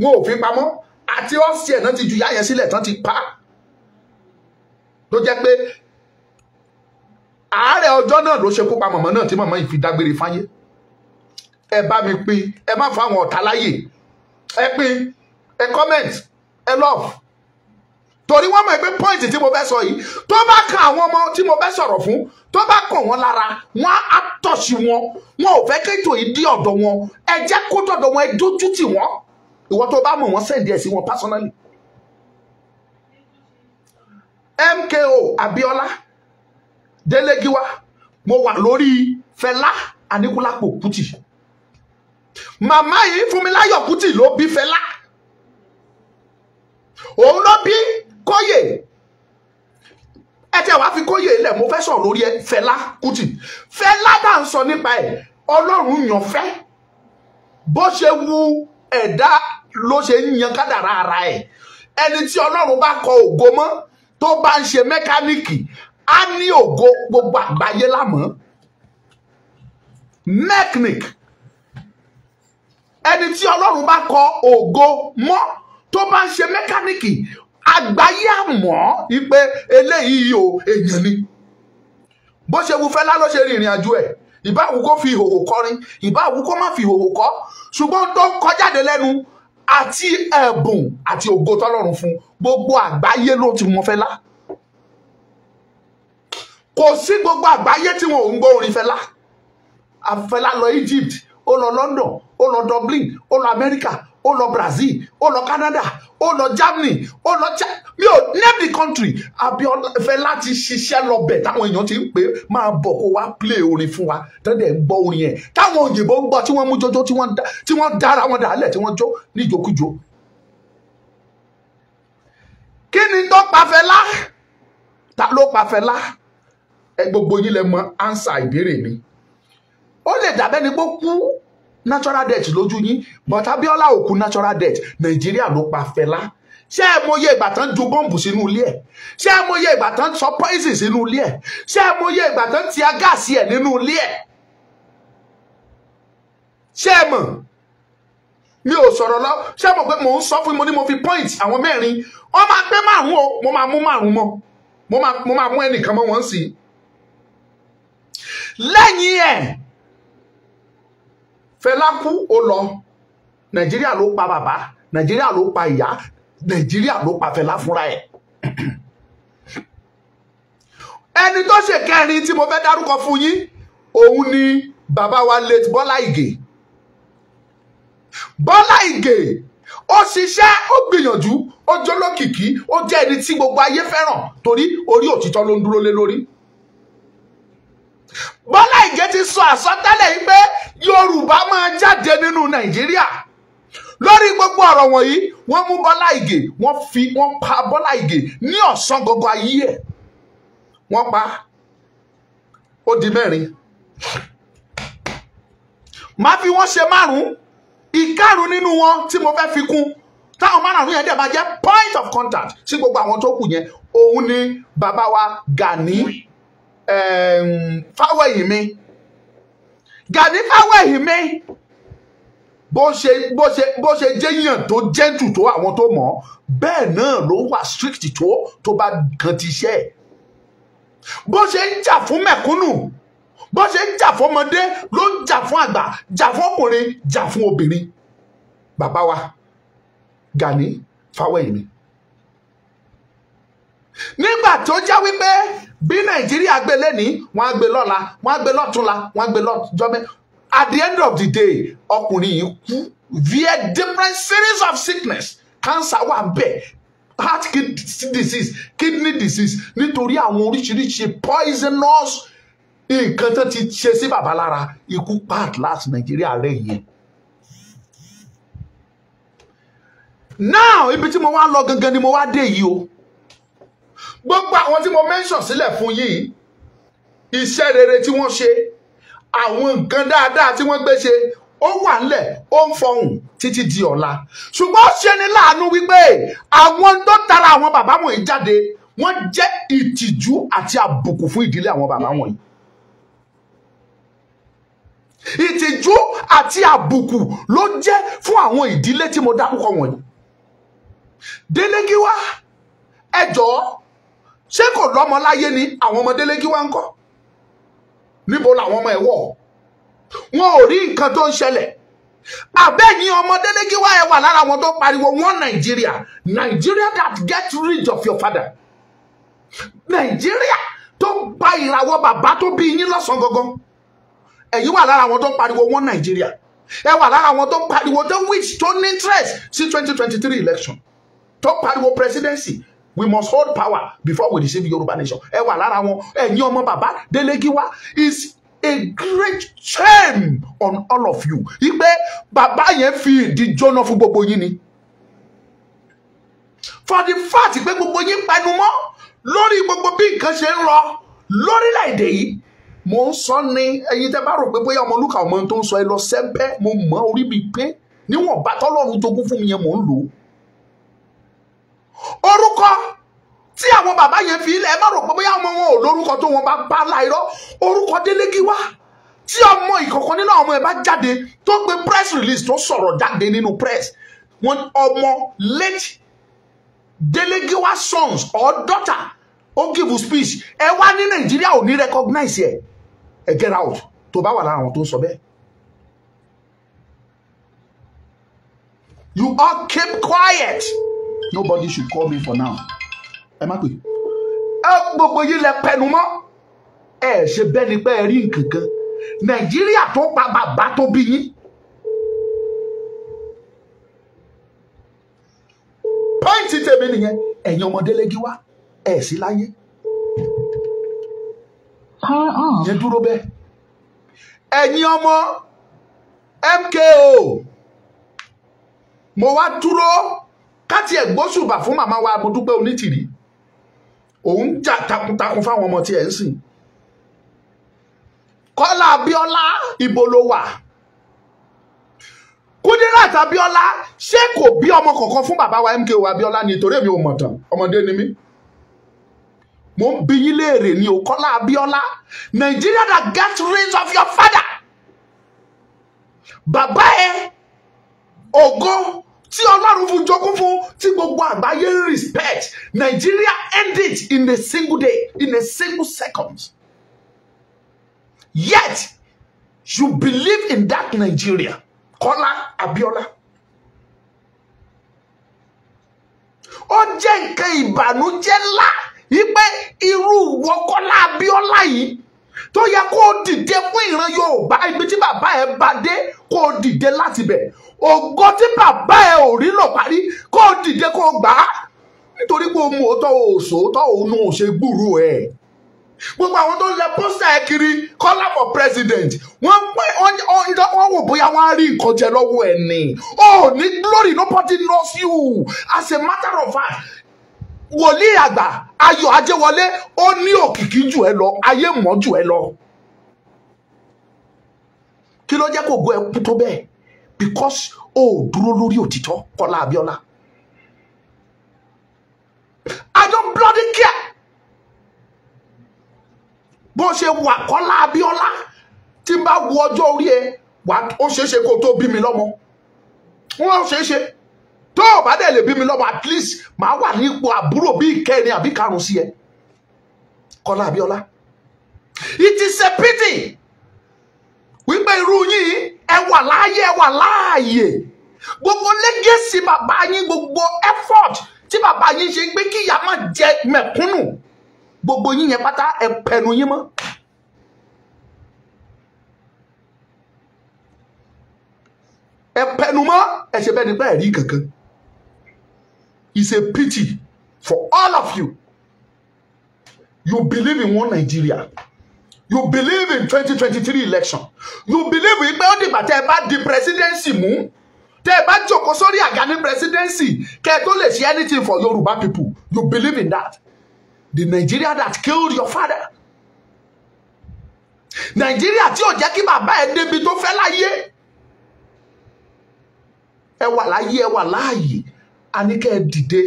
wọn ò fi pamọ́ àti ọ́fíìsì ẹ̀ náà ti ju ìyá yẹn sílẹ̀ tán ti pa tó jẹ́ pé àárẹ̀ ọjọ́ náà ló ṣekú pa màmá náà tí màmá yìí fi dágbére fáyé ẹ bá mi pín ẹ má fún àwọn ọ̀tá láyè ẹ pín ẹ comment ẹ love torí wọ́n mọ̀ pé point tí mo fẹ́ sọ yìí tó bá kan àwọn ọmọ tí mo fẹ́ sọ̀rọ̀ fún tó bá kàn wọ́n lára wọ́n á tọ̀sí wọn wọn ò fẹ́ kéjò yìí dí ọ̀dọ̀ wọn ẹ jẹ́ kó dọ̀dọ̀ wọn ẹ dójú tì wọ́n ìwọ tó bá mọ̀ wọ́n sẹ́ǹdì ẹ̀ sí wọn personally. MKO Abiola Delegiwa mo wà lórí Fẹlá Aníkúlápò Kútì màmá yìí Fúnmiláyọ̀ Kútì ló bí Fẹlá òun ló bí kóyè ẹ tẹ́ wàá fi kóyè ilẹ̀ mo fẹ́ sọ̀rọ̀ lórí ẹ Fẹlá Kútì Fẹlá dà ń sọ nípa ẹ̀ Ọlọ́run yàn fẹ́ bó ṣe wu ẹ̀dá ló ṣe ń yan kádàrá ara ẹ̀ ẹni tí Ọlọ́run bá kọ ògo mọ́ tó bá ń ṣe mẹ́káníìkì á ní ògo gbogbo àgbáyé lámọ́ mechanic ẹni tí Ọlọ́run bá kọ ògo mọ́ tó bá ń ṣe mẹ́káníìkì àgbáyé àmọ́ ipe eléyìí o èèyàn ni bó ṣe wu fẹ́lá ló ṣe rìnrìn àjò ẹ̀ ìbáwu kó fi ìhòhò kọrin ìbáwu kó má fi ìhòhò kọ ṣùgbọ́n tó ń kọjáde lẹ́nu àti ẹ̀bùn àti ògo tọ́lọ́run fún gbogbo àgbáyé ló ti mọ fẹ́lá kò sí gbogbo àgbáyé tí wọn ò ń gbọ́ orin fẹ́lá àfẹ́lá lọ Egypt ó lọ London ó lọ Dublin ó lọ America ó lọ Brazil ó lọ Canada ó lọ Germany ó lọ mi ò name the country Abiola fẹ́ láti ṣiṣẹ́ lọ́bẹ̀ táwọn èèyàn ti ń pè máa bọ̀ kó wá play orin fún wa tẹ́lẹ̀ ń gbọ́ orin yẹn táwọn òyìnbó ń gbọ́ tí wọ́n mú jọjọ́ tí wọ́n dára wọn dàálẹ̀ tí wọ́n jó níjókújó. kí ni tó pa Fẹlá ta ló pa Fẹlá ẹ gbogbo yín lẹ mọ ánsà ìbéèrè mi ó lè dàbẹ́ni pé kú natural death lójú yín but abiola ò kú natural death Nàìjíríà ló pa Fẹlá ṣé ẹ mọye ìgbà tán ju bọ́ǹbù sínú ilé ẹ̀ ṣé ẹ mọye ìgbà tán sọ poison sínú ilé ẹ̀ ṣé ẹ mọye ìgbà tán ti agáàsì ẹ̀ nínú ilé ẹ̀ ṣé ẹ mọ̀ mi ò sọ̀rọ̀ lọ ṣé mo pé mò ń sọ fún mo ní mo fi point àwọn mẹ́rin wọ́n máa pé márùn o mo máa mú márùn mọ́ mo máa mú ẹnìkan mọ́ wọ́n sí lẹ́yìn ẹ̀ Fẹlá kú ó lọ Nàìjíríà ló pa bàbá Nàìjíríà ló pa ìyá Nàìjíríà ló pa Fẹlá fúnra ẹ̀ ẹni tó ṣe kẹrin tí mo fẹ́ dárúkọ fún yín òun ni bàbá wa late Bọ́lá Ìgè Bọ́lá Ìgè ó ṣiṣẹ́ ó gbìyànjú ó jọlọ́kìkí ó jẹ́ ẹni tí gbogbo ayé fẹ́ràn torí orí òtítọ́ ló ń dúró lé lórí. Bọ́lá Ìgè ti sọ àsọtẹ́lẹ̀ yìí pé Yorùbá máa jáde nínú Nàìjíríà lórí gbogbo ọ̀rọ̀ wọ̀nyí wọ́n mú Bọ́lá Ìgè wọ́n fi wọ́n pa Bọ́lá Ìgè ní ọ̀sán gbogbo ayé ẹ̀ wọ́n pa ó di mẹ́rin má fi wọ́n ṣe márùn-ún ìkárùn nínú wọn tí mo fẹ́ fi kún táwọn márùn-ún yẹn dẹ̀ máa jẹ́ point of contact sí gbogbo àwọn tó kù yẹn òun ni bàbá wa Gani Um, Fáwẹ̀hìnmi Gani Fáwẹ̀hìnmi bó ṣe bó ṣe bó ṣe jẹ́yàn tó jẹ́ntù tó àwọn tó mọ̀ bẹ́ẹ̀ náà ló wà strict tó tó bá kan ti iṣẹ́ ẹ̀ bó ṣe ń jà fún mẹ̀kúnnù bó ṣe ń jà fọmọdé ló ń jà fún àgbà jà fún ọkùnrin jà fún obìnrin bàbá wa Gani Fáwẹ̀hìnmi nígbà tó já wípé bí nàìjíríà gbé lẹ́ni wọ́n á gbé lọ́la wọ́n á gbé lọ́túnla wọ́n á gbé lọ́jọ́mẹ́ at the end of the day ọkùnrin yìí kú via different series of sickness cancer wà ń heart disease kidney disease nítorí àwọn oríṣiríṣi poisonous nǹkan tó ti ṣe sí bàbá lára ikú pa last Nigeria rẹ̀ yẹn. now ibi tí mo wá lọ gangan ni mo wá dé yìí o gbogbo àwọn tí mo mention sílẹ̀ fún yìí iṣẹ́ rere tí wọ́n ṣe àwọn nǹkan dáadáa tí wọ́n gbé ṣe ó wà nílẹ̀ ó ń fọhùn títí di ọ̀la ṣùgbọ́n ó ṣe ni láàánú wípé àwọn tó tara àwọn bàbá wọ̀nyí jáde wọ́n jẹ́ ìtìjú àti àbùkù fún ìdílé àwọn bàbá wọ̀nyí ìtìjú àti àbùkù ló jẹ́ fún àwọn ìdílé tí mo dárúkọ wọ̀nyí Délé Gíwá ẹ jọ̀ọ́ ṣé kò lọ́mọ láyé ni àwọn ọmọ Délékì wá ń kọ́ níbo làwọn ọmọ ẹ̀ wọ̀ wọn ò rí nǹkan tó ń ṣẹlẹ̀ àbẹ́yìn ọmọ Délékì wá ẹ wà lára wọn tó pariwo wọn Nàìjíríà Nàìjíríà that get rid of your father Nàìjíríà tó gba ìràwọ̀ bàbá tó bí yín lọ́sàn-án gangan ẹ̀yin wà lára wọn tó pariwo wọn Nàìjíríà ẹ wà lára wọn tó pariwo tó which tó ní interest sí twenty twenty three election tó pariwo presidency we must hold power before we receive Yorùbá nation ẹ wà lára wọn ẹ̀yin ọmọ bàbá Delegiwa is a great shame on all of you ipe bàbá yẹn fi ìdí jóná fún gbogbo yín ni for the fact pé gbogbo yín pẹnu mọ́ lórí gbogbo bí nǹkan ṣe ń lọ lórílẹ̀ yìí mo ń sọ ni ẹ̀yin tẹ́ bá rò pé bóyá Ọmọlúkà ọmọ tó ń sọ ẹ lọ sẹ́ńpẹ́ mo mọ orí bíi pé níwọ̀n bá tọ́lọ́run jogún fún mi yẹn mò ń lò ó orúkọ tí àwọn bàbá yẹn fi ilẹ̀ ẹ má rò pé bóyá ọmọ wọn ò lórúkọ tó wọn bá bá láìrọ orúkọ délégi wá tí ọmọ ìkọ̀kan nínú àwọn ẹ bá jáde tó gbé press release tó sọ̀rọ̀ jáde nínú press wọn ọmọ late Delegiwa sons or daughter ó give speech ẹ wá ní Nàìjíríà ò ní recognize ẹ ẹ get out tó bá wà lára àwọn tó ń sọ bẹ́ẹ̀. You all keep quiet nobody should call me for now ẹ má pè ẹ gbogbo yìí lẹ pẹnu mọ́ ẹ ṣe bẹ́ẹ̀ ni pé ẹ rí nǹkan kan nàìjíríà tó pa bàbá tó bí yín pọ́ìntì tèmi nìyẹn ẹ̀yin ọmọdé lẹ́gí wá ẹ̀ láyé ah, ah. yẹn dúró bẹ́ẹ̀ ẹ̀yin ọmọ MKO mo wá dúró káti ẹ̀ gbóṣùbà fún màmá wa Modúpẹ́ Onítìrí òun jà takuntakun fáwọn ọmọ tí ẹ̀ ń sìn Kọ́lá Abiola, ibo ló wà Kudirat Abiola, ṣé kò bí ọmọ kọ̀ọ̀kan fún bàbá wa MKO Abíọ́lá nítorí èmi ò mọ̀ tán ọmọdé ni mí mo ń bi yín léèrè ní o Kọ́lá Abíọ́lá Nigeria that get rid of your father bàbá ẹ ògo tí ọlọ́run fún jogún fún tí gbogbo àgbáyé ń respect Nigeria ended in a single day in a single second yet you believe in that Nigeria Kọ́lá Abiola. ó jẹ́ nǹkan ìbànújẹ́ ńlá wípé irú ìwọ Kọ́lá Abíọ́lá yìí tó yẹ kó dìde fún ìran Yorùbá ibi tí bàbá ẹ bá dé kó o dìde láti bẹ̀ ògo tí bàbá ẹ ò rí lò parí kó o dìde kó o gbà á nítorí pé o mú òótọ́ o sòótọ́ òun ò ṣe gbúrú ẹ̀ gbogbo àwọn tó ń lẹ pósítà ẹ kiri kọ́lá for president wọ́n pẹ́ wọ́n wò bóyá wọ́n á rí nǹkan jẹ lọ́wọ́ ẹ̀ ni oh ní glory nobody knows you as a matter of fact wòlíì àgbà ayọ̀ ajẹ́wọlé ó ní òkìkí jù ẹ lọ ayé mọ́ jù ẹ lọ kí ló jẹ́ kó gbọ́ ẹ tó bẹ́ẹ̀ because o ò dúró lórí òtítọ́ Kọ́lá Abíọ́lá I don't bloody care bó ṣe wà Kọ́lá Abíọ́lá tí n bá wo ọjọ́ orí ẹ wà ó ṣeéṣe kó tó bí mi lọ́mọ wọ́n ṣeéṣe tó o bá dẹ̀ lè bí mi lọ́mọ at least màá wà ní ipò àbúrò bí ìkẹrin àbí karùn sí ẹ Kọ́lá Abíọ́lá it is a pity wípé irú yìí ẹ wà láàyè ẹ wà láàyè gbogbo lẹ́gẹ̀sì bàbá yín gbogbo effort tí bàbá yín ṣe gbé kí ìyá má jẹ mẹ̀kúnnù gbogbo yín yẹn pátá ẹ pẹnu yín mọ́. ẹ pẹnu mọ́ ẹ ṣe bẹ́ẹ̀ nígbà ẹ̀rí kankan it's a pity for all of you you believe in one Nigeria you believe in twenty twenty three election you believe wípé ó dìgbà tẹ́ ẹ bá di presidency mú tẹ́ ẹ bá jókòó sórí àga ní presidency kẹ́ ẹ tó lè ṣe anything for Yorùbá people you believe in that the Nigeria that killed your father Nigeria tí ò jẹ́ kí bàbá ẹ débi tó fẹ́ láyé ẹ wà láyé ẹ wà láàyè a ní kẹ́ ẹ dìde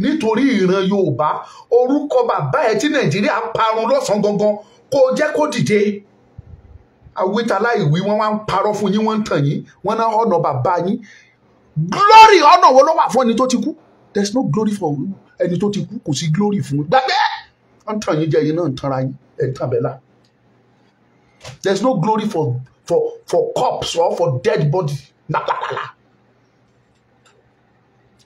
nítorí ìran Yorùbá orúkọ bàbá ẹ tí Nàìjíríà parun lọ́sàn gangan kó o jẹ́ kó dìde àwítà láìwí wọ́n wá ń parọ́ fún yín wọ́n ń tàn yín wọ́n náà ọ̀nà bàbá yín glory ọ̀nà wo ló wà fún ẹni tó ti kú there is no glory for ẹni tó ti kú kò sí glory fún un gbàgbé wọ́n ń tàn yín jẹ yín náà ń tanra yín ẹ̀ ń tàn bẹ́ẹ̀ la there is no glory for for for corpse or for dead body nàpàlàlà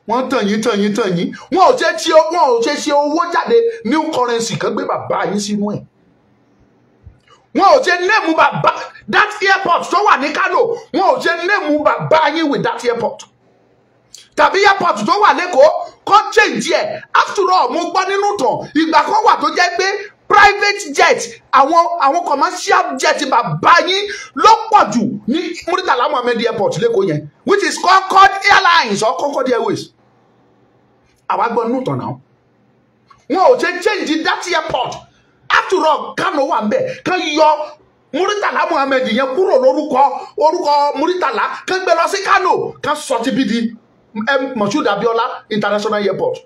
wọ́n tàn yín tàn yín tàn yín wọ́n ò ṣe ṣe owó jáde new currency kan gbé bàbá yín sínú ẹ̀ wọn ò ṣe nẹ́ẹ̀mù bàbá that airport tó wà ní Kano wọn ò ṣe nẹ́ẹ̀mù bàbá yín with that airport tàbí airport tó wà lẹ́kọ̀ọ́ kọ́ change ẹ̀ after all mo gbọ́ nínú tàn ìgbà kan wà tó jẹ́ pé private jet àwọn àwọn commercial jet bàbá yín ló pọ̀ jù ní Murtala Mohammed airport lẹ́kọ̀ọ́ yẹn which is Concord Airlines or Concord Airways àwa gbọ́ nínú tàn náà wọn ò ṣe change that airport látùrọ̀ kánò wà ń bẹ̀ kán yọ muritala muhammed yẹn kúrò lórúkọ orúkọ muritala kán gbé lọ sí kánò kán sọ ti bí di moshood abiola international airport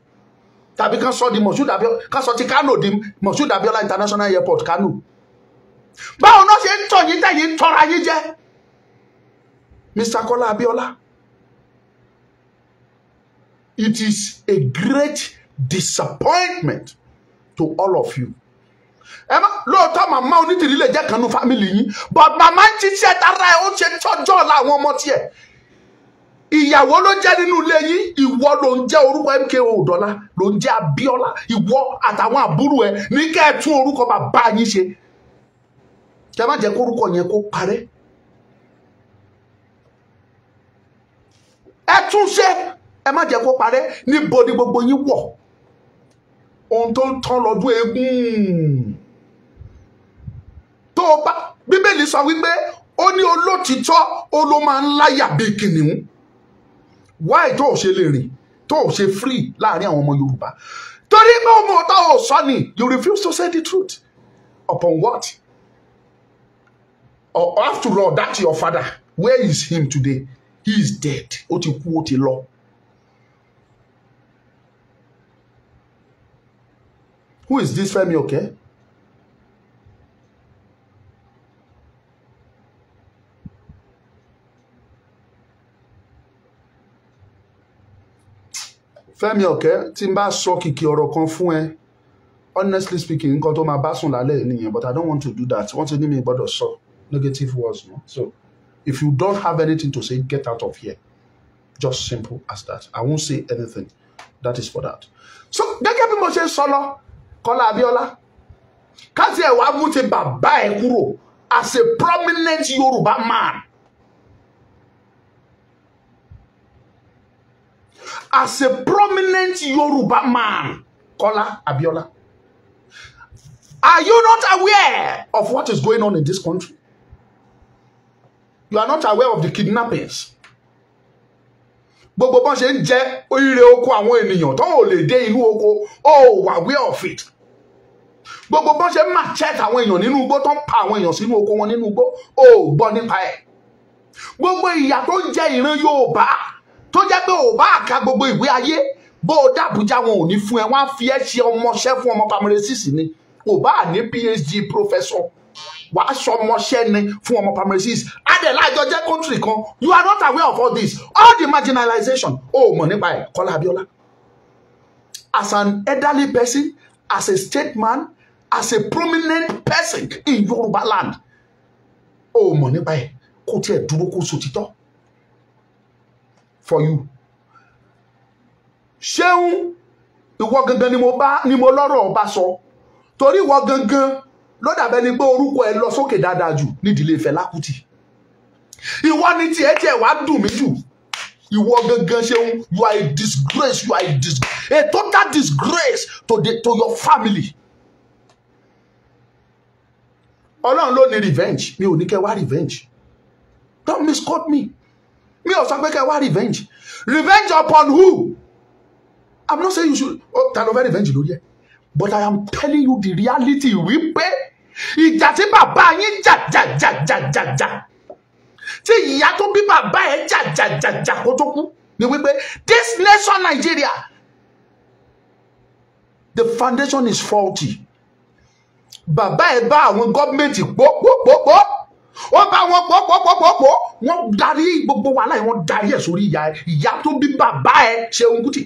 tàbí kán sọ di moshood abiola kán sọ ti kánò di moshood abiola international airport kánò báwo náà ṣe ń tọ̀ yín tẹ̀yìn tọ́ra yín jẹ́ mr kola abiola it is a great disappointment to all of you ẹ má lóòótọ́ màmá onídìrí lè jẹ́ kanú fámìlì yín but màmá ń ṣiṣẹ́ tara ẹ̀ ó ṣe tọ́jọ́ ọ̀la àwọn ọmọ tiẹ̀ ìyàwó ló jẹ́ nínú ilé yín ìwọ ló ń jẹ́ orúkọ MKO Ọ̀dọ́lá ló ń jẹ́ Abíọ́lá ìwọ àtàwọn àbúrò ẹ ní kẹ́ ẹ tún orúkọ bàbá yín ṣe kẹ́ má jẹ́ kó orúkọ yẹn kó parẹ́ ẹ tún ṣe ẹ má jẹ́ kó parẹ́ níbo ni gbogbo yín wọ̀ ohun tó ń tán lọ́dún eégún tó o bá bíbélì sọ wípé ó ní olótìtọ́ ó ló máa ń láyà bíi kìnìún wáì tó o ṣe lè rìn tó o ṣe free láàrin àwọn ọmọ yorùbá torí pé o mọ̀ ọ́ sọ ni you refuse to say the truth upon what or after all that your father where is him today he is dead ó ti kú ó ti lọ. who is this Femi Oke? Okay? Fẹ́mi Ọ̀kẹ́ tí n bá sọ kìkì ọ̀rọ̀ kan fún ẹ honestly speaking nǹkan tó máa bá sùn lálẹ́ nìyẹn but I don't want to do that wọ́n ti ní mi gbọ́dọ̀ sọ negative words no so if you don't have anything to say get out of here just simple as that I won't say anything that is for that so gẹ́gẹ́ bí mo ṣe sọ lọ Kọ́lá Abíọ́lá káti ẹ̀ wá mú ti bàbá ẹ̀ kúrò as a prominent Yorùbá man as a prominent Yoruba man, Kola Abiola. Are you not aware of what is going on in this country? You are not aware of the kidnappings. Gbogbo bọ́n ṣe ń jẹ oríire oko àwọn ènìyàn tó ò lè dé inú oko, ó wà aware of it. Gbogbo bọ́n ṣe ń máa check àwọn èèyàn nínú igbó tó ń pa àwọn èèyàn sínú oko wọn nínú igbó, ó gbọ́ nípa ẹ̀. Gbogbo ìyà tó ń jẹ ìran Yorùbá tó jẹ́ pé ò bá àka gbogbo ìwé ayé bó o dàbújá wọn ò ní fún ẹ wọ́n á fi ẹ́ ṣe ọmọṣẹ́ fún ọmọ primary six ni ò ní phd professor wà á ṣọmọṣẹ́ ni fún ọmọ primary six adela àjọ jẹ́ country kan you are not aware of all this all the marginalization o mọ̀ nípa ẹ̀ Kọ́lá Abíọ́lá as an elderly person as a statesman as a prominent person in Yoruba land o mọ̀ nípa ẹ̀ kó tiẹ̀ dúró kó sòtítọ́ for you ṣéun ìwọ gangan ni mo bá ni mo lọ́rọ̀ ọba sọ torí ìwọ gangan ló dàbẹ́ ni pé orúkọ ẹ lọ sókè dáadáa jù nídìílé Fẹlá Kútì ìwọ ni tiẹ̀ tiẹ̀ wá dùn mí jù ìwọ gangan ṣéun you are a disgrace you are a disgrace a total disgrace to the to your family ọlọ́run ló ní revenge mi ò ní kẹ́ wá revenge don't misquote me. Me ò sọ pé kẹ́ wá revenge revenge upon who i'm not saying you should oh, ta ló fẹ́ revenge lórí ẹ̀ but i am telling you the reality wípé ìjà tí bàbá yín jà jà jà jà jà jà tí ìyá tó bí bàbá ẹ̀ jà jà jà jà kó tó kú ni wípé this nation Nigeria the foundation is faulty bàbá ẹ̀ bá àwọn gọ́ọ̀mẹ̀ntì pòpòpòpò ó bá wọn pọ̀pọ̀pọ̀pọ̀ wọ́n darí gbogbo wàhálà yẹn wọ́n darí ẹ̀ sórí ìyá ẹ̀ ìyá tó bí bàbá ẹ̀ Ṣeun Kútì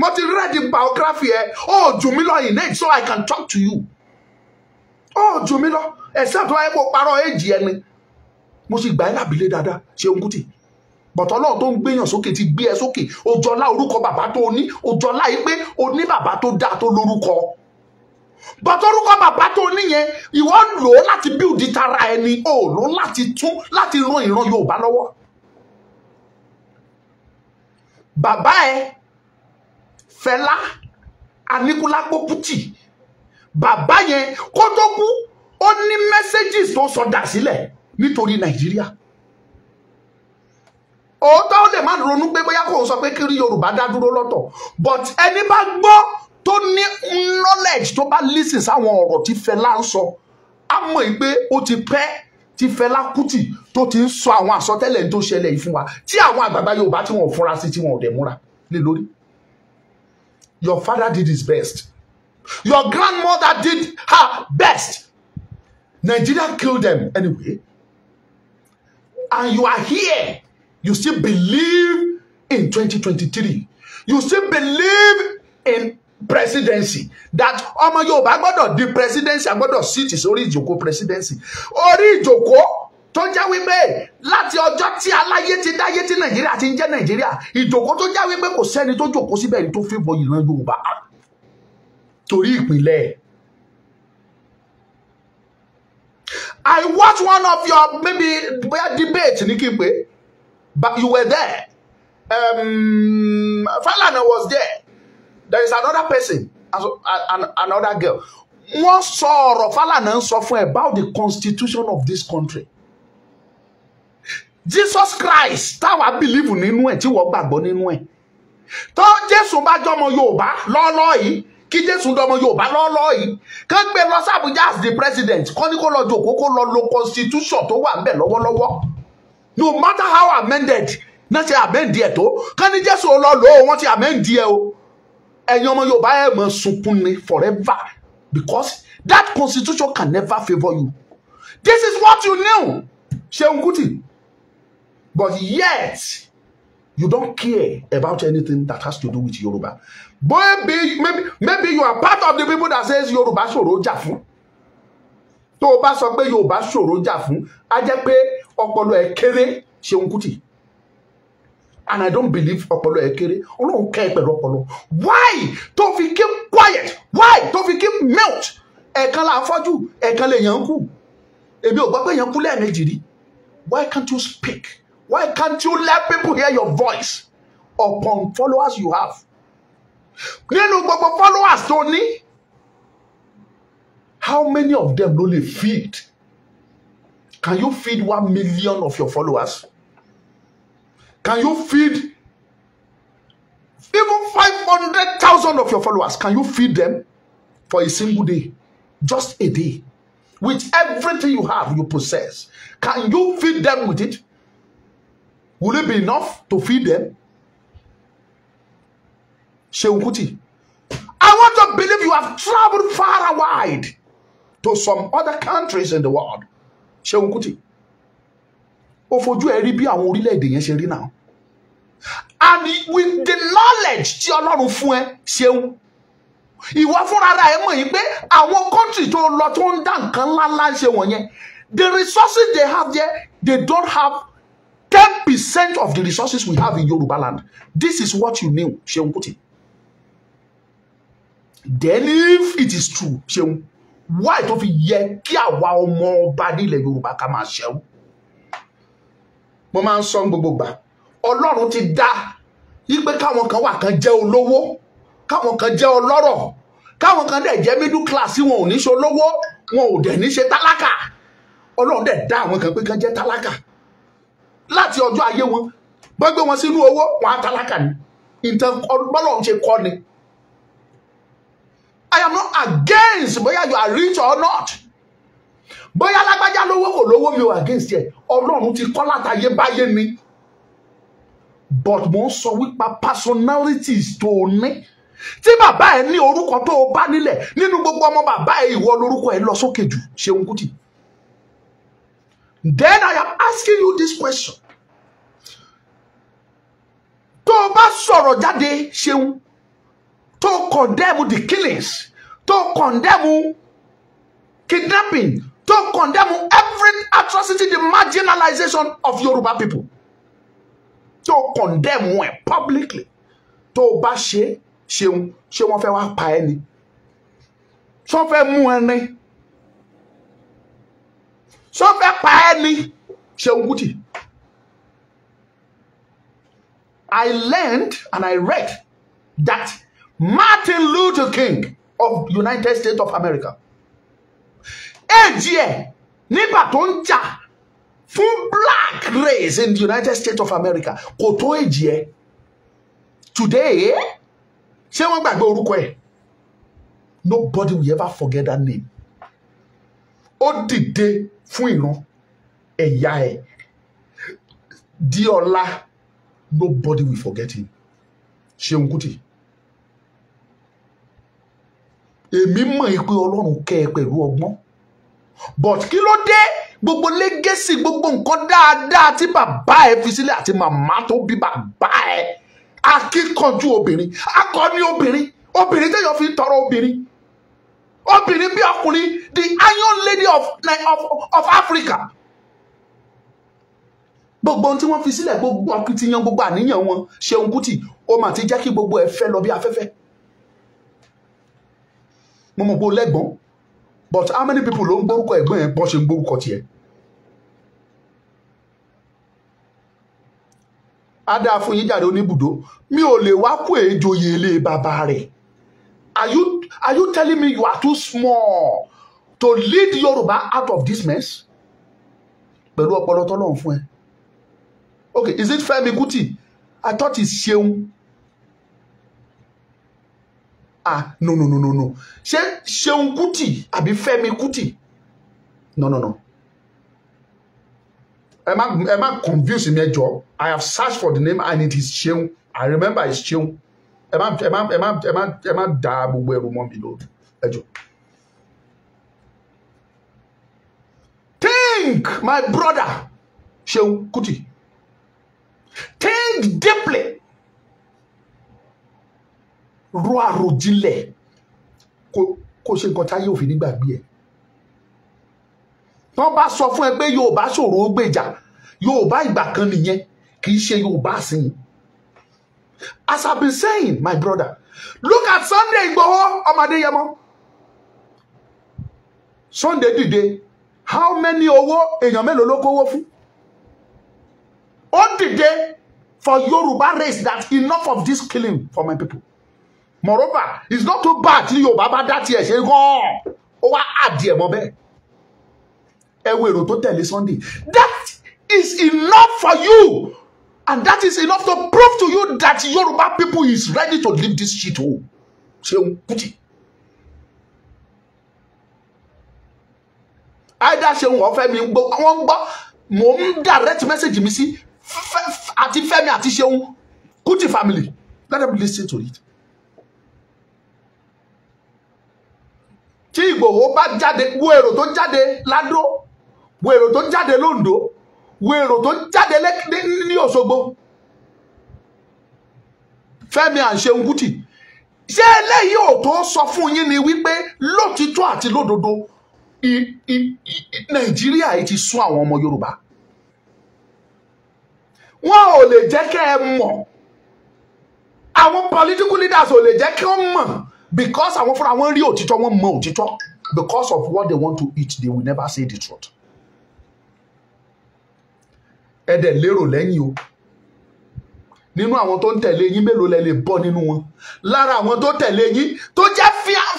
mo ti read the biography ẹ̀ ó oh, jù mí lọ in age so I can talk to you ó oh, jù mí lọ except wáyé kó parọ́ èjì ẹni mo sì gbà ẹ́ làbílẹ̀ dáadáa Ṣeun Kútì bọ̀tọ̀ náà tó ń gbéyàn sókè ti gbé ẹ sókè ojọ́lá orúkọ bàbá tó ní ojọ́lá yìí pé o ní bàbá tó dáa tó lórúkọ bọ́tọ́rúkọ bàbá tó níyẹn ìwọ lò ó láti bíldì tara ẹni ò lò ó láti tún láti ran ìran Yorùbá lọ́wọ́ bàbá ẹ Fẹlá Aníkúlápó Kútì bàbá yẹn kó tó kú ó ní messages tó sọdà sílẹ̀ nítorí Nàìjíríà òótọ́ ó lè má ronú pé bóyá kò sọ pé kiri Yorùbá dá dúró lọ́tọ̀ but ẹni bá gbọ́ tó ní knowledge tó bá listen sáwọn ọ̀rọ̀ tí Fẹlá ń sọ á mọ̀ yìí pé ó ti pẹ́ tí Fẹlá Kútì tó ti ń sọ àwọn àsọtẹ́lẹ̀ tó ṣẹlẹ̀ yìí fún wa tí àwọn àgbàgbà Yorùbá tí wọn ò sí tí wọn dẹ̀ múra lé lórí your father did his best your grandmother did her best Nigeria killed them anyway and you are here you still believe in 2023 you still believe in presidency that ọmọ Yorùbá gbọ́dọ̀ di presidency agbọ́dọ̀ sit sórí ìjòkó presidency orí ìjòkó tó jẹ́ wípé láti ọjọ́ tí aláyé ti dáyé tí Nàìjíríà ti ń jẹ́ Nàìjíríà ìjòkó tó jẹ́ wípé kò sẹ́ni tó jòkó síbẹ̀ ni tó fi bọ ìran Yorùbá torí ìpínlẹ̀ ẹ̀. I watched one of your maybe bóyá debate ní kí n but you were there um, Falana was there there is another person and another girl wọ́n sọ ọ̀rọ̀ Fálànà ń sọ fún about the constitution of this country Jesus Christ táwa believe nínú ẹ̀ tí wọ́n gbàgbọ́ nínú ẹ̀ tó Jésù bá jọmọ Yorùbá lọ́ọ́lọ́ yìí kí Jésù dọmọ Yorùbá lọ́ọ́lọ́ yìí kán gbé lọ sí Àbújá as the president kán ní kó lọ jòkó kó lọ lo constitution tó wà ńbẹ̀ lọ́wọ́lọ́wọ́ no matter how amended náà ṣe amend ẹ̀ tó kán ní Jésù lọ lò ó wọ́n ti amend ẹ̀ o ẹ̀yin ọmọ Yorùbá ẹ̀ mọ̀ sunkún ni forever because that constitution can never favour you this is what you know. Seun Kuti but yet you don't care about anything that has to do with Yoruba maybe maybe maybe you are part of the people that says Yoruba ṣòro jà fún tó o bá sọ pé Yorùbá ṣòro jà fún á jẹ́ pé ọpọlọ ẹ̀ Seun Kuti and I don't believe ọpọlọ ẹ kéré Ọlọ́run kẹ́ ẹ pẹ̀lú ọpọlọ why tó fi keep quiet why tó fi keep melt ẹ̀ẹ̀kan la fọ́jú ẹ̀ẹ̀kan lè yàn kú èmi ò gbọ́ pé yàn kú lẹ́ẹ̀mejì rí why can't you speak why can't you let people hear your voice upon followers you have nínú gbogbo followers tó ní how many of them ló lè feed can you feed one million of your followers. Can you feed even 500,000 of your followers? Can you feed them for a single day? Just a day. With everything you have, you possess. Can you feed them with it? Will it be enough to feed them? Sheukuti, I want to believe you have traveled far and wide to some other countries in the world. Sheukuti, ó fojú ẹ rí bí àwọn orílẹ̀-èdè yẹn ṣe rí náà and with the knowledge tí ọlọ́run fún ẹ ṣeun ìwọ fúnra rẹ ẹ mọ̀ yìí pé àwọn country tó lọ tó ń dá nǹkan ńláńlá ṣe wọ̀nyẹn the resources they have there they don't have ten percent of the resources we have in Yoruba land this is what you knew Ṣeun Kuti then if it is true Ṣeun why tó fi yẹ kí àwa ọmọ ọba nílẹ̀ Yorùbá ká máa ṣẹun mo máa ń sọ gbogbo gbà ọlọ́run ti dá wípé káwọn kan wà kan jẹ́ olówó káwọn kan jẹ́ ọlọ́rọ̀ káwọn kan dẹ̀ jẹ́ middle class wọn ò ní ṣe olówó wọn ò dẹ̀ ní ṣe tálákà ọlọ́run dẹ̀ dá àwọn kan pé kan jẹ́ tálákà láti ọjọ́ ayé wọn bọ́ gbé wọn sínú owó wọn á tálákà ni ìtàn ọlọ́run ṣe kọ́ ni I am not against whether you are rich or not bóyá lágbájá lówó kò lówó mi ò against ẹ ọlọ́run ti kọ́ látayé báyé mi but mo ń sọ wípa personalities tó o ní tí bàbá ẹ ní orúkọ tó o bá nílẹ̀ nínú gbogbo ọmọ bàbá ẹ ìwọ lórúkọ ẹ lọ sókè jù Ṣeun Kútì then I am asking you this question tó o bá sọ̀rọ̀ jáde Ṣeun tó condemn the killings tó condemn kidnapping to condemn every atrocity, the marginalization of Yoruba people. To condemn wọn publicly. Tó bá ṣe ṣeun ṣé wọ́n fẹ́ wá pa ẹni. Ṣọ́ fẹ́ mú ẹni. Ṣọ́ fẹ́ pa ẹni. Ṣeun Kuti. I learned and I read that Martin Luther King of United States of America èjì ẹ̀ nígbà tó ń jà fún black race in the United States of America kò tó èjì ẹ̀ today ṣé wọ́n gbàgbé orúkọ ẹ̀ nobody will ever forget that name ó dìde fún ìran ẹ̀yà ẹ̀ Diola. nobody will forget him Ṣeun Kútì èmi mọ̀ ẹ́ pé Ọlọ́run kẹ́ ẹ pẹ̀lú ọgbọ́n but kí ló dé gbogbo lẹ́gẹ́sì gbogbo nǹkan dáadáa tí bàbá ẹ fi sílẹ̀ àti màmá tó bí bàbá ẹ akíkanjú obìnrin akọni obìnrin obìnrin téèyàn fi ń tọrọ obìnrin obìnrin bí ọkùnrin the iron lady of, of, of Africa gbogbo ohun tí wọ́n fi sílẹ̀ gbogbo akitiyan gbogbo àníyàn wọn Ṣeun Kútì ó mà ti jẹ́ kí gbogbo ẹ̀ fẹ́ lọ bí afẹ́fẹ́ mo mọ̀ pé o lẹ́gbọ́n but how many people ló ń gbórúkọ ẹ̀gbọ́n yẹn bọ́n ṣe ń gbórúkọ tiẹ̀. ada fún yín jáde oníbùdó mi ò lè wá kó èjòyè ilé bàbá rẹ̀ are you are you telling me you are too small to lead Yorùbá out of this mess pẹ̀lú ọpọlọ tọ́lọ́run fún ẹ okay is it Fẹ́mi Kuti I thought it's Ṣeun ah no no no no no ṣé Ṣeun Kútì àbí Fẹ́mi kuti. no no no ẹ má ẹ má confuse mi ẹ I have searched for the name and it is Ṣeun I remember it's Ṣeun ẹ má ẹ má ẹ má ẹ má ẹ má da gbogbo ẹrù mọ́ mi lórí ẹ Think my brother Ṣeun Kútì think deeply ro àròjinlẹ̀ kó ṣe nǹkan táyé òfin nígbàgbé ẹ̀ wọ́n bá sọ fún ẹ pé Yorùbá ṣòro ó gbèjà Yorùbá ìgbà kan nìyẹn kì í ṣe Yorùbá àsìn as i been saying my brother look at Sunday Igboho ọmọdé yẹmọ Sunday dìde how many owó èèyàn mélòó ló kówó fún ó dìde for Yorùbá race that enough of this killing for my people moreover it's not too bad tí yorùbá bá dá tiẹ̀ ṣe gan ó wá àdìẹ̀ mọ́ bẹ́ẹ̀ ẹ wo èrò tó tẹ̀lé sunday that is enough for you and that is enough to prove to you that Yoruba people is ready to leave this shit hole Seun Kuti either Seun or Femi ń gbọ́ wọ́n ń gbọ́ mò ń direct message mi sí àti Femi àti Seun Kuti family let them listen to it tí Ìgbòho bá jáde wo èrò tó jáde ládó wo èrò tó jáde lóńdó wo èrò tó jáde ní Òṣogbo Fẹ́mi à ń ṣe ngútì ṣé eléyìí ò tó sọ fún yín ni wípé lótìtọ́ àti lódodo Nàìjíríà yìí ti sún àwọn ọmọ Yorùbá wọn ò lè jẹ́ kẹ́ ẹ mọ̀ àwọn political leaders ò lè jẹ́ kí wọ́n mọ̀ because àwọn fúnra wọn rí òtítọ́ wọn mọ òtítọ́ because of what they want to eat they will never say the truth ẹ dẹ̀ lérò lẹ́yìn o nínú àwọn tó ń tẹ̀lé yín mélòó lẹ lè bọ́ nínú wọn lára àwọn tó tẹ̀lé yín tó jẹ́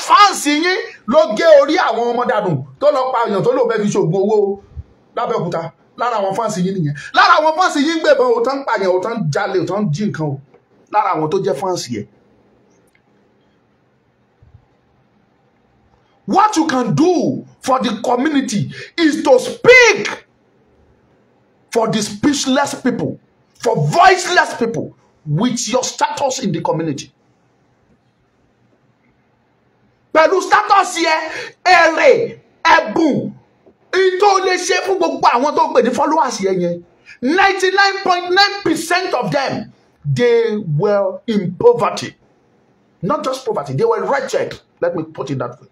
fáǹsì yín ló gé orí àwọn ọmọ dànù tó lọ pa èèyàn tó lò bẹ́ẹ̀ fi ṣoògùn owó lábẹ́òkúta lára àwọn fáǹsì yín nìyẹn lára àwọn fáǹsì yín gbẹ̀bọ̀n o tán ń pààyàn o tán ń jalè o tán ń jí nǹkan o lára àwọn tó jẹ́ fáǹsì yẹn What you can do for the community is to speak for the speechless people, for voiceless people, with your status in the community. Pẹ̀lú status yẹn, èrè, ẹ̀bùn, ìtò lè ṣe fún gbogbo àwọn tó ń pè ní followers yẹn yẹn. Ninety nine point nine percent of them they were in poverty. Not just poverty, they were wretched. Let me put it that way.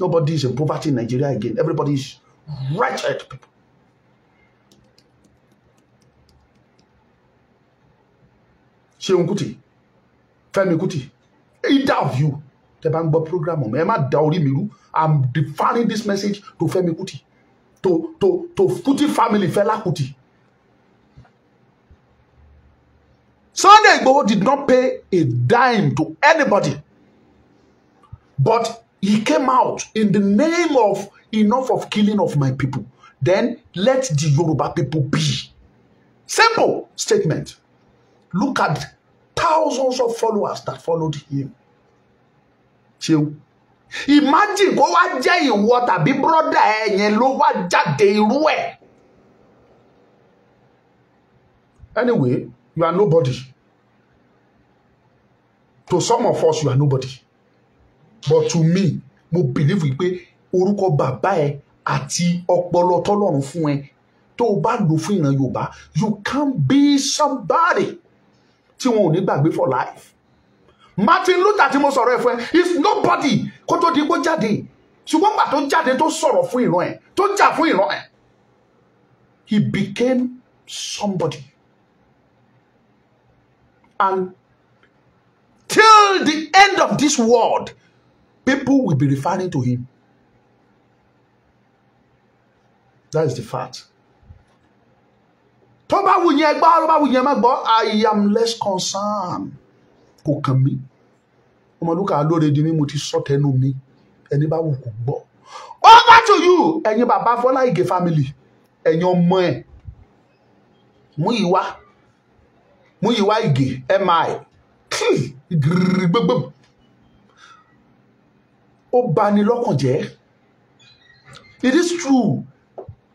Nobody is in poverty in Nigeria again. Everybody is wretched people. Ṣeun Kuti, Femi Kuti, either of you, the bá ń program ọ̀mọ́ ẹ má I'm deferring this message to Femi Kuti, to to to Kuti family Fela Kuti. Sunday Igboho did not pay a dime to anybody. But He came out in the name of enough of killing of my people. Then let the Yoruba people be. Simple statement. Look at thousands of followers that followed him. Ṣeun. Imagine kó wá jẹ́ ìwọ tàbí brọ́dà ẹ yẹn ló wá jáde irú ẹ̀. Anyway, you are nobody. To some of us, you are nobody but to me mo believe wípé orúkọ bàbá ẹ àti ọpọlọ tọ́lọ́run fún ẹ tó o bá lò fún ìran Yorùbá you can be somebody tí wọn ò ní gbàgbé for life Martin Luther tí mo sọ̀rọ̀ ẹ̀ fún ẹ is nobody kó tó di kó jáde ṣùgbọ́n gbà tó jáde tó sọ̀rọ̀ fún ìran ẹ̀ tó jà fún ìran ẹ̀ he became somebody and till the end of this world people will be referring to him. That is the fact. Tó wù yẹn gbọ́, tó wù yẹn má gbọ́, I am less concerned. Kò kàn mí. Ọmọlúkà lóore di mí, mo ti sọ tẹnu mi. Ẹni bá wù kò gbọ́. Over to you, ẹ̀yin bàbá Fọlá Ìgè family, ẹ̀yin ọmọ ẹ̀. Múyìwá, Múyìwá Ìgè, MI, gbẹgbẹm ó bani lọ́kàn jẹ́ it is true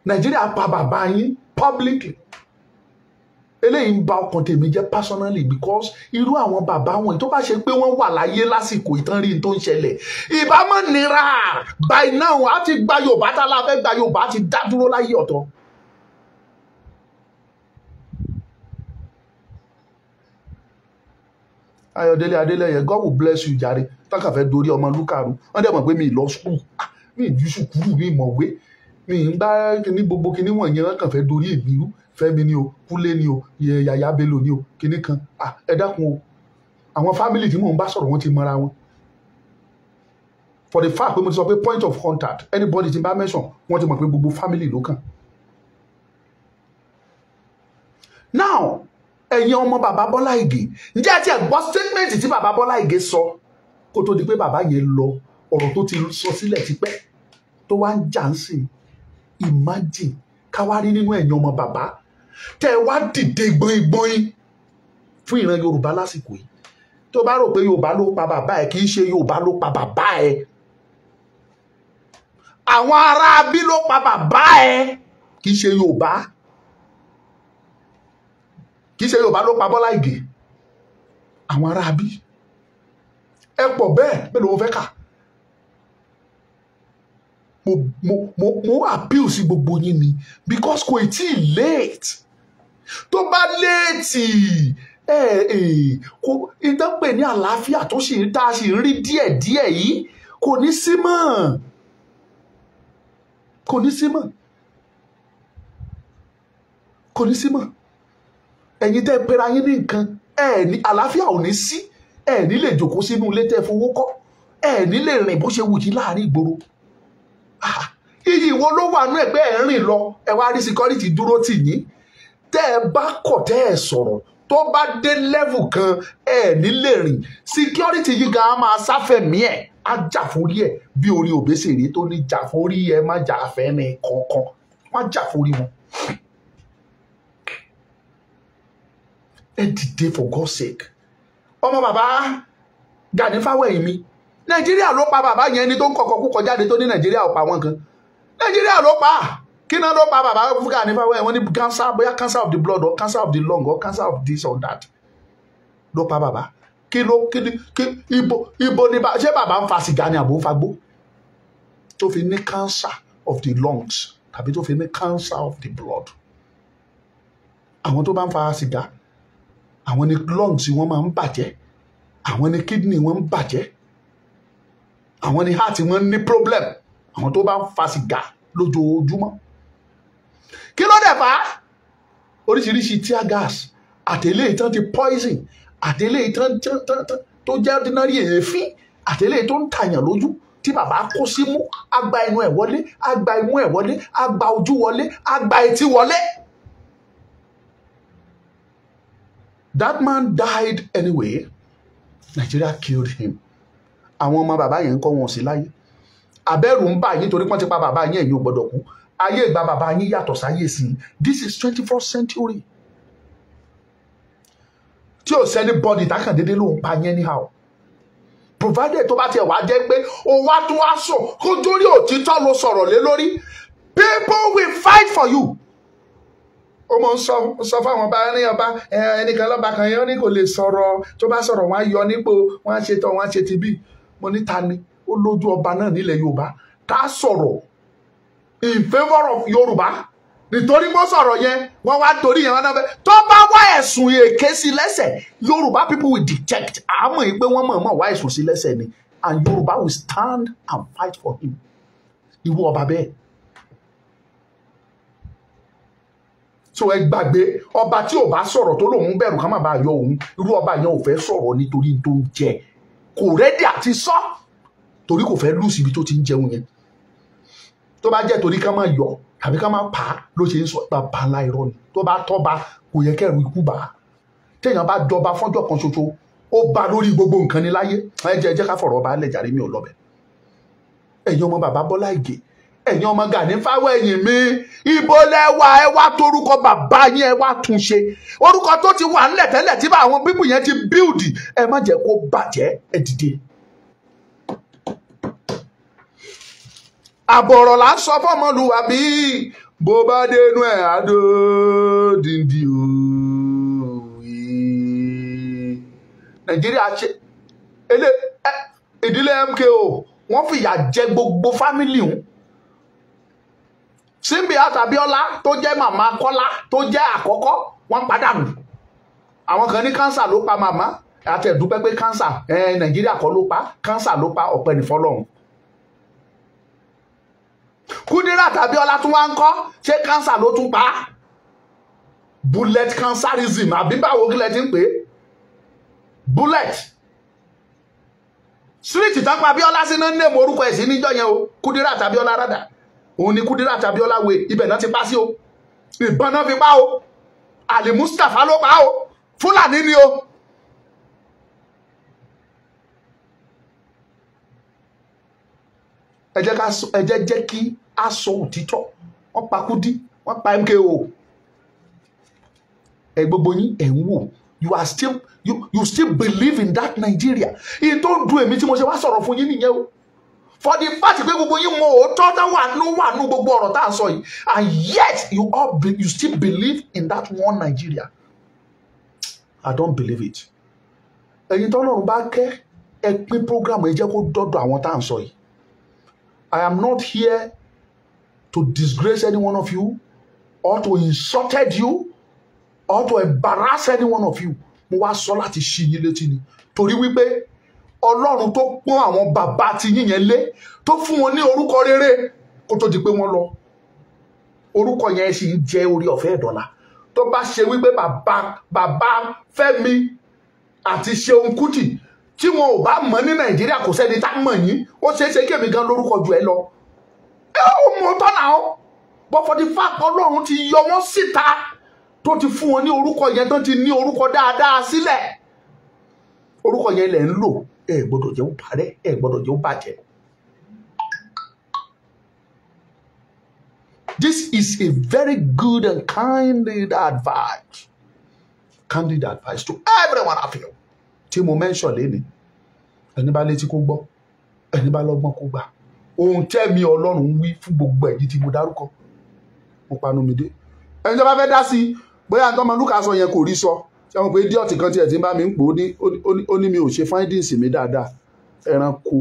Nigeria pa bàbá yín publicly eléyìí ń ba ọkàn tèmi jẹ́ personally because irú àwọn bàbá wọn tó bá ṣe pé wọ́n wà láyé lásìkò ìtàn rí tó ń ṣẹlẹ̀ ìbámọ̀ nira by now a ti gba yorùbá tá a la fẹ́ gba yorùbá ti dá dúró láyé ọ̀tọ̀ Ayọ̀délé Adélẹ́yẹ God will bless you jàre táǹkà fẹ́ dorí ọmọ lúkàrú wọ́n dẹ̀ mọ̀ pé mi ì lọ sùkúù ah, mi ì ju sùkúù mi ì mọ̀wé mi ì ń bá ní gbogbo kinní wọ̀nyẹn wọ́n kàn fẹ́ dorí èmi rú Fẹ́mi ni o Kúnlé ni o Yàyà Bello ni o kinní kan ah, ẹ dákun o àwọn fámìlì tí mò ń bá sọ̀rọ̀ wọ́n ti mọra wọn for the fact pé mo ti sọ pé point of contact anybody ti bá mention wọ́n ti mọ̀ pé gbogbo fámìlì ló kàn now ẹ̀yin ọmọ bàbá Bọ́lá Ìgè ǹjẹ́ àti ẹ̀gbọ́ statement tí bàbá Bọ́lá Ìgè sọ kó tó di pé bàbá yẹn lọ ọ̀rọ̀ tó ti sọ sílẹ̀ tipẹ́ tó wá ń jà ń sìn imagine káwárí nínú ẹ̀yin ọmọ bàbá tẹ́ ẹ wá dìde gbọ̀ngbọ̀n fún ìran Yorùbá lásìkò yìí tó bá rò pé Yorùbá ló pa bàbá ẹ kì í ṣe Yorùbá ló pa bàbá ẹ àwọn aráabí ló pa bàbá ẹ kì í ṣe Yorùbá kì í ṣe yorùbá ló pa Bọ́lá Ìgè àwọn aráabí ẹ pọ̀ bẹ́ẹ̀ bẹ́ẹ̀ ló fẹ́ kà mo mo mo mo appeal sí gbogbo yín ni because kò tí ì late tó bá léètì ẹ ẹ kò ìdánpè ní àlàáfíà tó sì tá a sì ń rí díẹ̀díẹ̀ yìí kò ní sí kò ní sí kò ní sí ẹ̀yin tẹ́ pera yín ní nǹkan ẹ̀ ní àlàáfíà ò ní sí ẹ̀ ní lè jòkó sínú ilé tẹ́ fowó kọ́ ẹ̀ ní lè rìn bó ṣe wù yín láàrin ìgboro ah, iyì wo ló wà nú ẹgbẹ́ ẹ̀ rìn lọ ẹ wá rí security dúró tì yín tẹ́ ẹ bá kọ̀ tẹ́ ẹ sọ̀rọ̀ tó bá dé level kan ẹ ní lè rìn security yìí gan-an máa sáfẹ̀mí ẹ̀ á jà forí ẹ̀ bí orí òbẹ́sẹ̀rẹ́ tó ní jà ẹ má jà fẹ́ni kankan má jà wọn. ẹ for God's sake ọmọ bàbá Gani Fáwẹ́hìn mi Nàìjíríà ló pa bàbá yẹn ẹni tó ń kọkọ kú kọjáde tó ní Nàìjíríà ò pa wọn kan Nàìjíríà ló pa kí náà ló pa bàbá fún Gani Fáwẹ́hìn wọn ní cancer bóyá cancer of the blood or cancer of the lung or cancer of this or that ló pa bàbá kí ló kí ni kí ibo ibo ni bá ṣé bàbá ń fa sìgá ni àbò ń fa gbó tó fi ní cancer of the lungs tàbí tó fi ní cancer of the blood àwọn tó bá ń fa sìgá àwọn ni lungs wọn máa ń bàjẹ́ àwọn ni kidney wọn ń bàjẹ́ àwọn ni heart wọn ní problem àwọn tó bá ń fa sìgá lójoojúmọ́ kí ló dẹ̀ fà á oríṣiríṣi tear gas àtẹ̀lé ìtàn ti poison àtẹ̀lé ìtàn tó jẹ́ ordinary èéfín àtẹ̀lé tó ń tàyàn lójú tí bàbá kó símú á gba inú ẹ̀ wọlé á gba imú ẹ̀ wọlé á gba ojú wọlé á gba etí wọlé. that man died anyway Nigeria killed him àwọn ọmọ bàbá yẹn ń kọ́ wọn sí láyé àbẹ̀rù ń bà yín torí pọ́n ti pa bàbá yín ẹ̀yin ò kú ayé ìgbà bàbá yín yàtọ̀ sáyé sí i this is twenty first century tí ò sẹ́ni bọ́dì tákàndéédé ló ń pa yẹn anyhow provided tó bá tiẹ̀ wá jẹ́ pé o wá tún wá sùn kó torí òtítọ́ ló sọ̀rọ̀ lé lórí people will fight for you ó mọ̀ ń sọ fáwọn bá ní ọba ẹnìkan lọ́ba kan yẹn ó ní kò lè sọ̀rọ̀ tó bá sọ̀rọ̀ wọ́n á yọ nípò wọ́n á ṣe tán wọ́n á ṣe tìbí mo ní ta ni ó lójú ọba náà nílẹ̀ Yorùbá tá a in favour of Yorùbá nítorí mo sọ̀rọ̀ yẹn wọ́n wá torí yẹn wọ́n náà fẹ́ tó bá wá ẹ̀sùn èké sí lẹ́sẹ̀ Yorùbá people will detect àmọ́ ìpé wọ́n mọ̀ọ́mọ̀ wá ẹ̀sùn sí lẹ́sẹ̀ ni and Yorùbá will stand and fight for him ìwọ ọba bẹ́ẹ̀ so ẹ gbàgbé ọba tí ò bá sọ̀rọ̀ tó lòun bẹ̀rù ká má bàa yọ òun irú ọba yẹn ò fẹ́ sọ̀rọ̀ nítorí tó ń jẹ kò rẹ́dì àti sọ torí kò fẹ́ lùsì ibi tó ti ń jẹun yẹn tó bá jẹ́ torí ká má yọ tàbí ká má pa á ló ṣe ń sọ bàbá ńlá irọ́ ni tó bá tọ́ba kò yẹ kẹ́rù ikú bàá téèyàn bá jọba fọ́jọ́ kan ṣoṣo ó ba lórí gbogbo nǹkan ni láyé ẹ jẹ́ ká fọ̀rọ̀ ọba alẹ́ jàre mi ò lọ́bẹ̀ ẹ̀yin ọmọ bàbá Bọ́lá Ìgè ẹ̀yin ọmọ Gani fáwọn ẹ̀yìn mi ibo lẹ́wà ẹ wá torúkọ bàbá yín ẹ wá tún ṣe orúkọ tó ti wà ńlẹ̀ tẹ́lẹ̀ tí bá àwọn bíbù yẹn ti bíùdì ẹ má jẹ́ kó bàjẹ́ ẹ dìde. àbọ̀rọ̀ là ń sọ fọ́mọlúwàbí bó bá dénú ẹ̀ àdó dìndín òòyì nàìjíríà ṣe ìdílé MKO wọ́n fìyà jẹ gbogbo fámìlì ọ̀hún Simbiat Abiola tó jẹ́ màmá Kọ́lá tó jẹ́ àkọ́kọ́ wọ́n pàdánù àwọn kan ní kánsà ló pa màmá àti ẹ̀dúpẹ́ pé kánsà eh, Nàìjíríà kọ́ ló pa kánsà ló pa ọ̀pẹ nìfọ́lọ́hún Kudirat Abiola tún wá ń kọ́ ṣé kánsà ló tún pa á bullet cancerism àbí báwo kílẹ̀ ti ń pè é bullet street tán pa Abiola sínú ní èmọ orúkọ ẹ̀ sí níjọ́ yẹn o Kudirat Abiola rádà òun ni Kudirat Abiola wé ibẹ̀ náà ti pa sí o ìbọn náà fi pa o Ali Mustapha ló pa o Fúlàní ni o ẹ jẹ́ jẹ́ kí a sọ òtítọ́ wọ́n pa Kudi wọ́n pa MKO ẹ gbogbo yín ẹ̀ ń wò you are still you you still believe in that Nigeria èyí tó dùn èmi tí mo ṣe wá sọ̀rọ̀ fún yín nìyẹn o for the fact pé gbogbo yín mọ òótọ́ tá wà ló wà ní gbogbo ọ̀rọ̀ tá à ń sọ yìí and yet you all be, you still believe in that one Nigeria I don't believe it ẹ̀yin tọ́lọ́run bá kẹ́ ẹ pín program ẹ jẹ́ kó dọ́dọ̀ àwọn tá à ń sọ yìí I am not here to disgrace any one of you or to insulted you or to embarrass any one of you mo wá sọ láti ṣí yín létí ni torí wípé ọlọ́run tó pọ́n àwọn bàbá ti yíyẹn lé tó fún wọn ní orúkọ rere kó tó di pé wọ́n lọ orúkọ yẹn sì ń jẹ orí ọ̀fẹ́ ìdọ́là tó bá ṣe wípé bàbá bàbá Fẹ́mi àti Ṣeun Kútì tí wọn ò bá mọ̀ ní Nàìjíríà kò sẹ́ni tá mọ̀ yín ó ṣeé ṣe kí gan lórúkọ jù ẹ lọ ẹ ò mọ̀ tọ́nà ó but for the fact ọlọ́run ti yọ wọ́n síta tó ti fún wọn ní orúkọ yẹn tó ti ní orúkọ dáadáa sílẹ̀ orúkọ yẹn lẹ̀ ń lò ẹ gbọ́dọ̀ jẹ́ ó ẹ gbọ́dọ̀ jẹ́ ó This is a very good and candid advice. Candid advice to everyone of you. Tí mo mention léni, ẹni bá létí kó gbọ́, ẹni bá lọ́gbọ́n kó gbà. Ohun tẹ́mi Ọlọ́run wí fún gbogbo ẹ̀yin tí mo dárúkọ. Mo panu mi dé. Ẹni tó bá fẹ́ dá sí i, bóyá àtọ́mọ Lúkà sọ yẹn kò rí sọ sẹ́wọ̀n pé idiot kan tiẹ̀ ti bá mi ń pò ó ní mi ò ṣe findings mi dáadáa ẹranko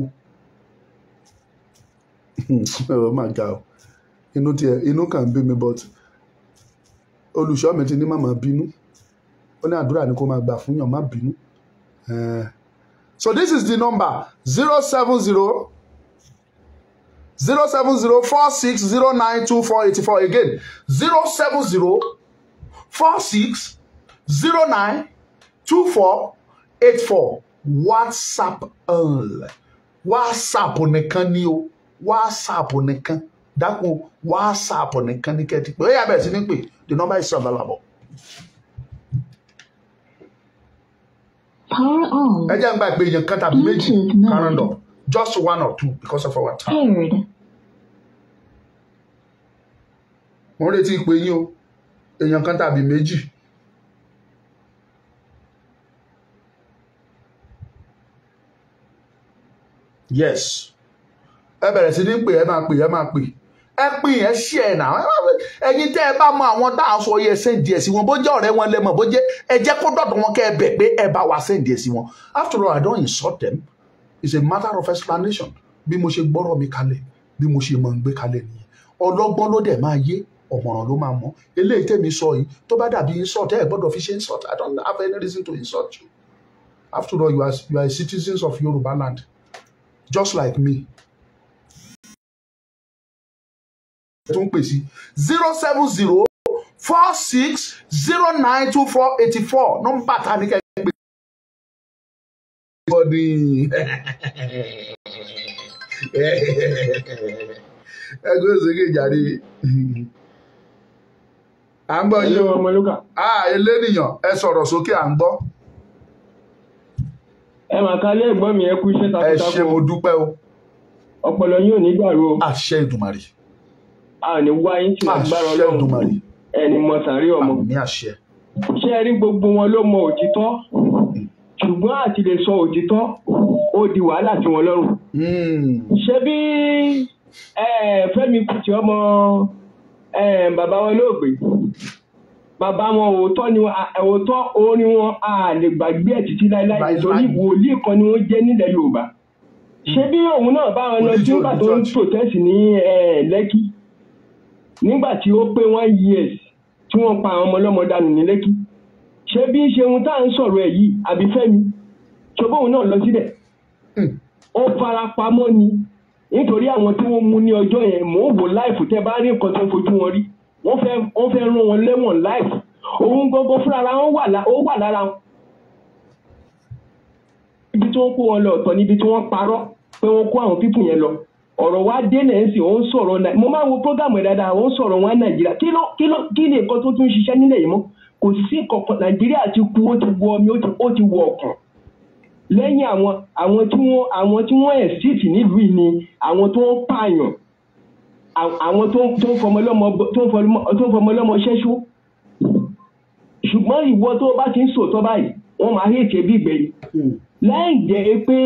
oh my God inú tiẹ̀ inú kàn ń bí mi but olùṣọ́ mi ti ní màmá bínú ó ní àdúrà ni kó máa gbà fún yàn má bínú. Eh. so this is the number zero seven zero zero seven zero four six zero nine two four eighty four again zero seven zero four six zero nine two four eight four whatsapp ọ̀nlẹ̀ whatsapp nìkan ni o whatsapp nìkan dákun whatsapp nìkan ní kẹ́tì pé ó yà bẹ̀rẹ̀ sí the number is available. ẹ jẹ́ n gba ìpè yẹn kan tàbí méjì kárọ̀ndọ̀ just one or two because of our time. mo ń retí ìpè yín o èèyàn kan tàbí méjì. yes ẹ bẹ̀rẹ̀ sí ní pè ẹ máa pè ẹ máa pè ẹ pín yẹn ṣí ẹ nà ẹ̀yin tẹ́ ẹ bá mọ àwọn tá à ń sọ yẹ sẹ́ǹdì ẹ̀ sí wọn bó jẹ́ ọ̀rẹ́ wọn lẹ́mọ̀ bó jẹ́ ẹ jẹ́ kó dọ̀dọ̀ wọn kẹ́ ẹ bẹ̀ pé ẹ bá wa sẹ́ǹdì ẹ̀ sí wọn after all I don't insult them it's a matter of explanation bí mo ṣe gbọ́rọ̀ mi kalẹ̀ bí mo ṣe mọ̀ ń gbé kalẹ̀ nìyẹn ọlọ́gbọ́n ló dẹ̀ máa yé ọ̀mọ̀ràn ló máa mọ̀ eléyìí tèmi sọ yìí tó bá dàbí insult ẹ gbọ́dọ̀ fi ṣe insult I don't have any reason to insult you after all you are, you are citizens of Yorùbá land just like me. tó ń pè sí zero seven zero four six zero nine two four eighty four nọ́mbà ta ni kẹ́kẹ́ pé. ẹ gbé sókè jàre à ń gbọ́ yín o ah, elénìyàn ẹ sọ̀rọ̀ sókè à ń gbọ́ ẹ mà kálé ẹ̀gbọ́n mi ẹ kú iṣẹ́ takuntakun. ẹ ṣé mo dúpẹ́ o. ọpọlọ yín ní dàrú o. àṣẹ ìdùmarè. a ò ní wá yín tí wọn gbára Ọlọ́run. àṣẹ ìdùmarè. ẹ ní mọ sàárè ọmọ. àmì àṣẹ. ṣé ẹ rí gbogbo wọn ló mọ òtítọ́ ṣùgbọ́n àti lè sọ òtítọ́ ó di wàhálà tí wọn lọ́rùn. Hmm. ṣé bí Fẹ́mi Kútì ọmọ bàbá wọn lóògbé bàbá wọn òótọ́ ni òótọ́ orin wọn a lè gbàgbé ẹ̀ títí láéláé nítorí wòlíì kan ni wọ́n jẹ́ nílẹ̀ yorùbá ṣé bí òun náà bá wọn lọ tí nígbà tó ń protest ní lẹ́kì nígbà tí ó pé one years tí wọ́n pa àwọn ọmọ ọlọ́mọ dànù ní lẹ́kì ṣé bí ṣeun tá à ń sọ̀rọ̀ ẹ̀ yìí àbí fẹ́mi ṣògbóhùn náà lọ síbẹ̀ hmm. ó fara pamọ́ ni nítorí àwọn tí wọ́n mú ní ọjọ́ yẹn mò ń wò láìfù tẹ́ bá rí nǹkan tó fojú wọn rí wọ́n fẹ́ wọ́n fẹ́ rán wọn lẹ́wọ̀n láìsí òun gangan fúnra wọn wà lára wọn ibi tí wọ́n kó wọn lọ ọ̀tọ̀ níbi tí wọ́n parọ́ pé wọ́n kó àwọn pípù yẹn lọ ọ̀rọ̀ wa dé nẹ́ẹ̀sì ó ń sọ̀rọ̀ mo máa ń wo program rẹ̀ dáadáa ó ń sọ̀rọ̀ wọn nàìjíríà kí ló kí ló kí ni nǹkan tó tún ṣiṣẹ́ nílẹ̀ yìí mọ́ kò sí kankan nàìjíríà ti kú ó ti wọ omi ó ti wọ ọkàn lẹ́yìn àwọn àwọn tí wọ́n àwọn tí wọ́n ẹ̀ síìtì nílùú yìí ni àwọn tó ń pààyàn àwọn tó ń fọmọ lọ́mọ ṣẹ́ṣó ṣùgbọ́n ìwọ tó bá ti ń sòótọ́ báyìí wọ́n máa hẹ́ẹ̀kẹ́ bí ìgbẹ́yìí hmm. láì jẹ́ pé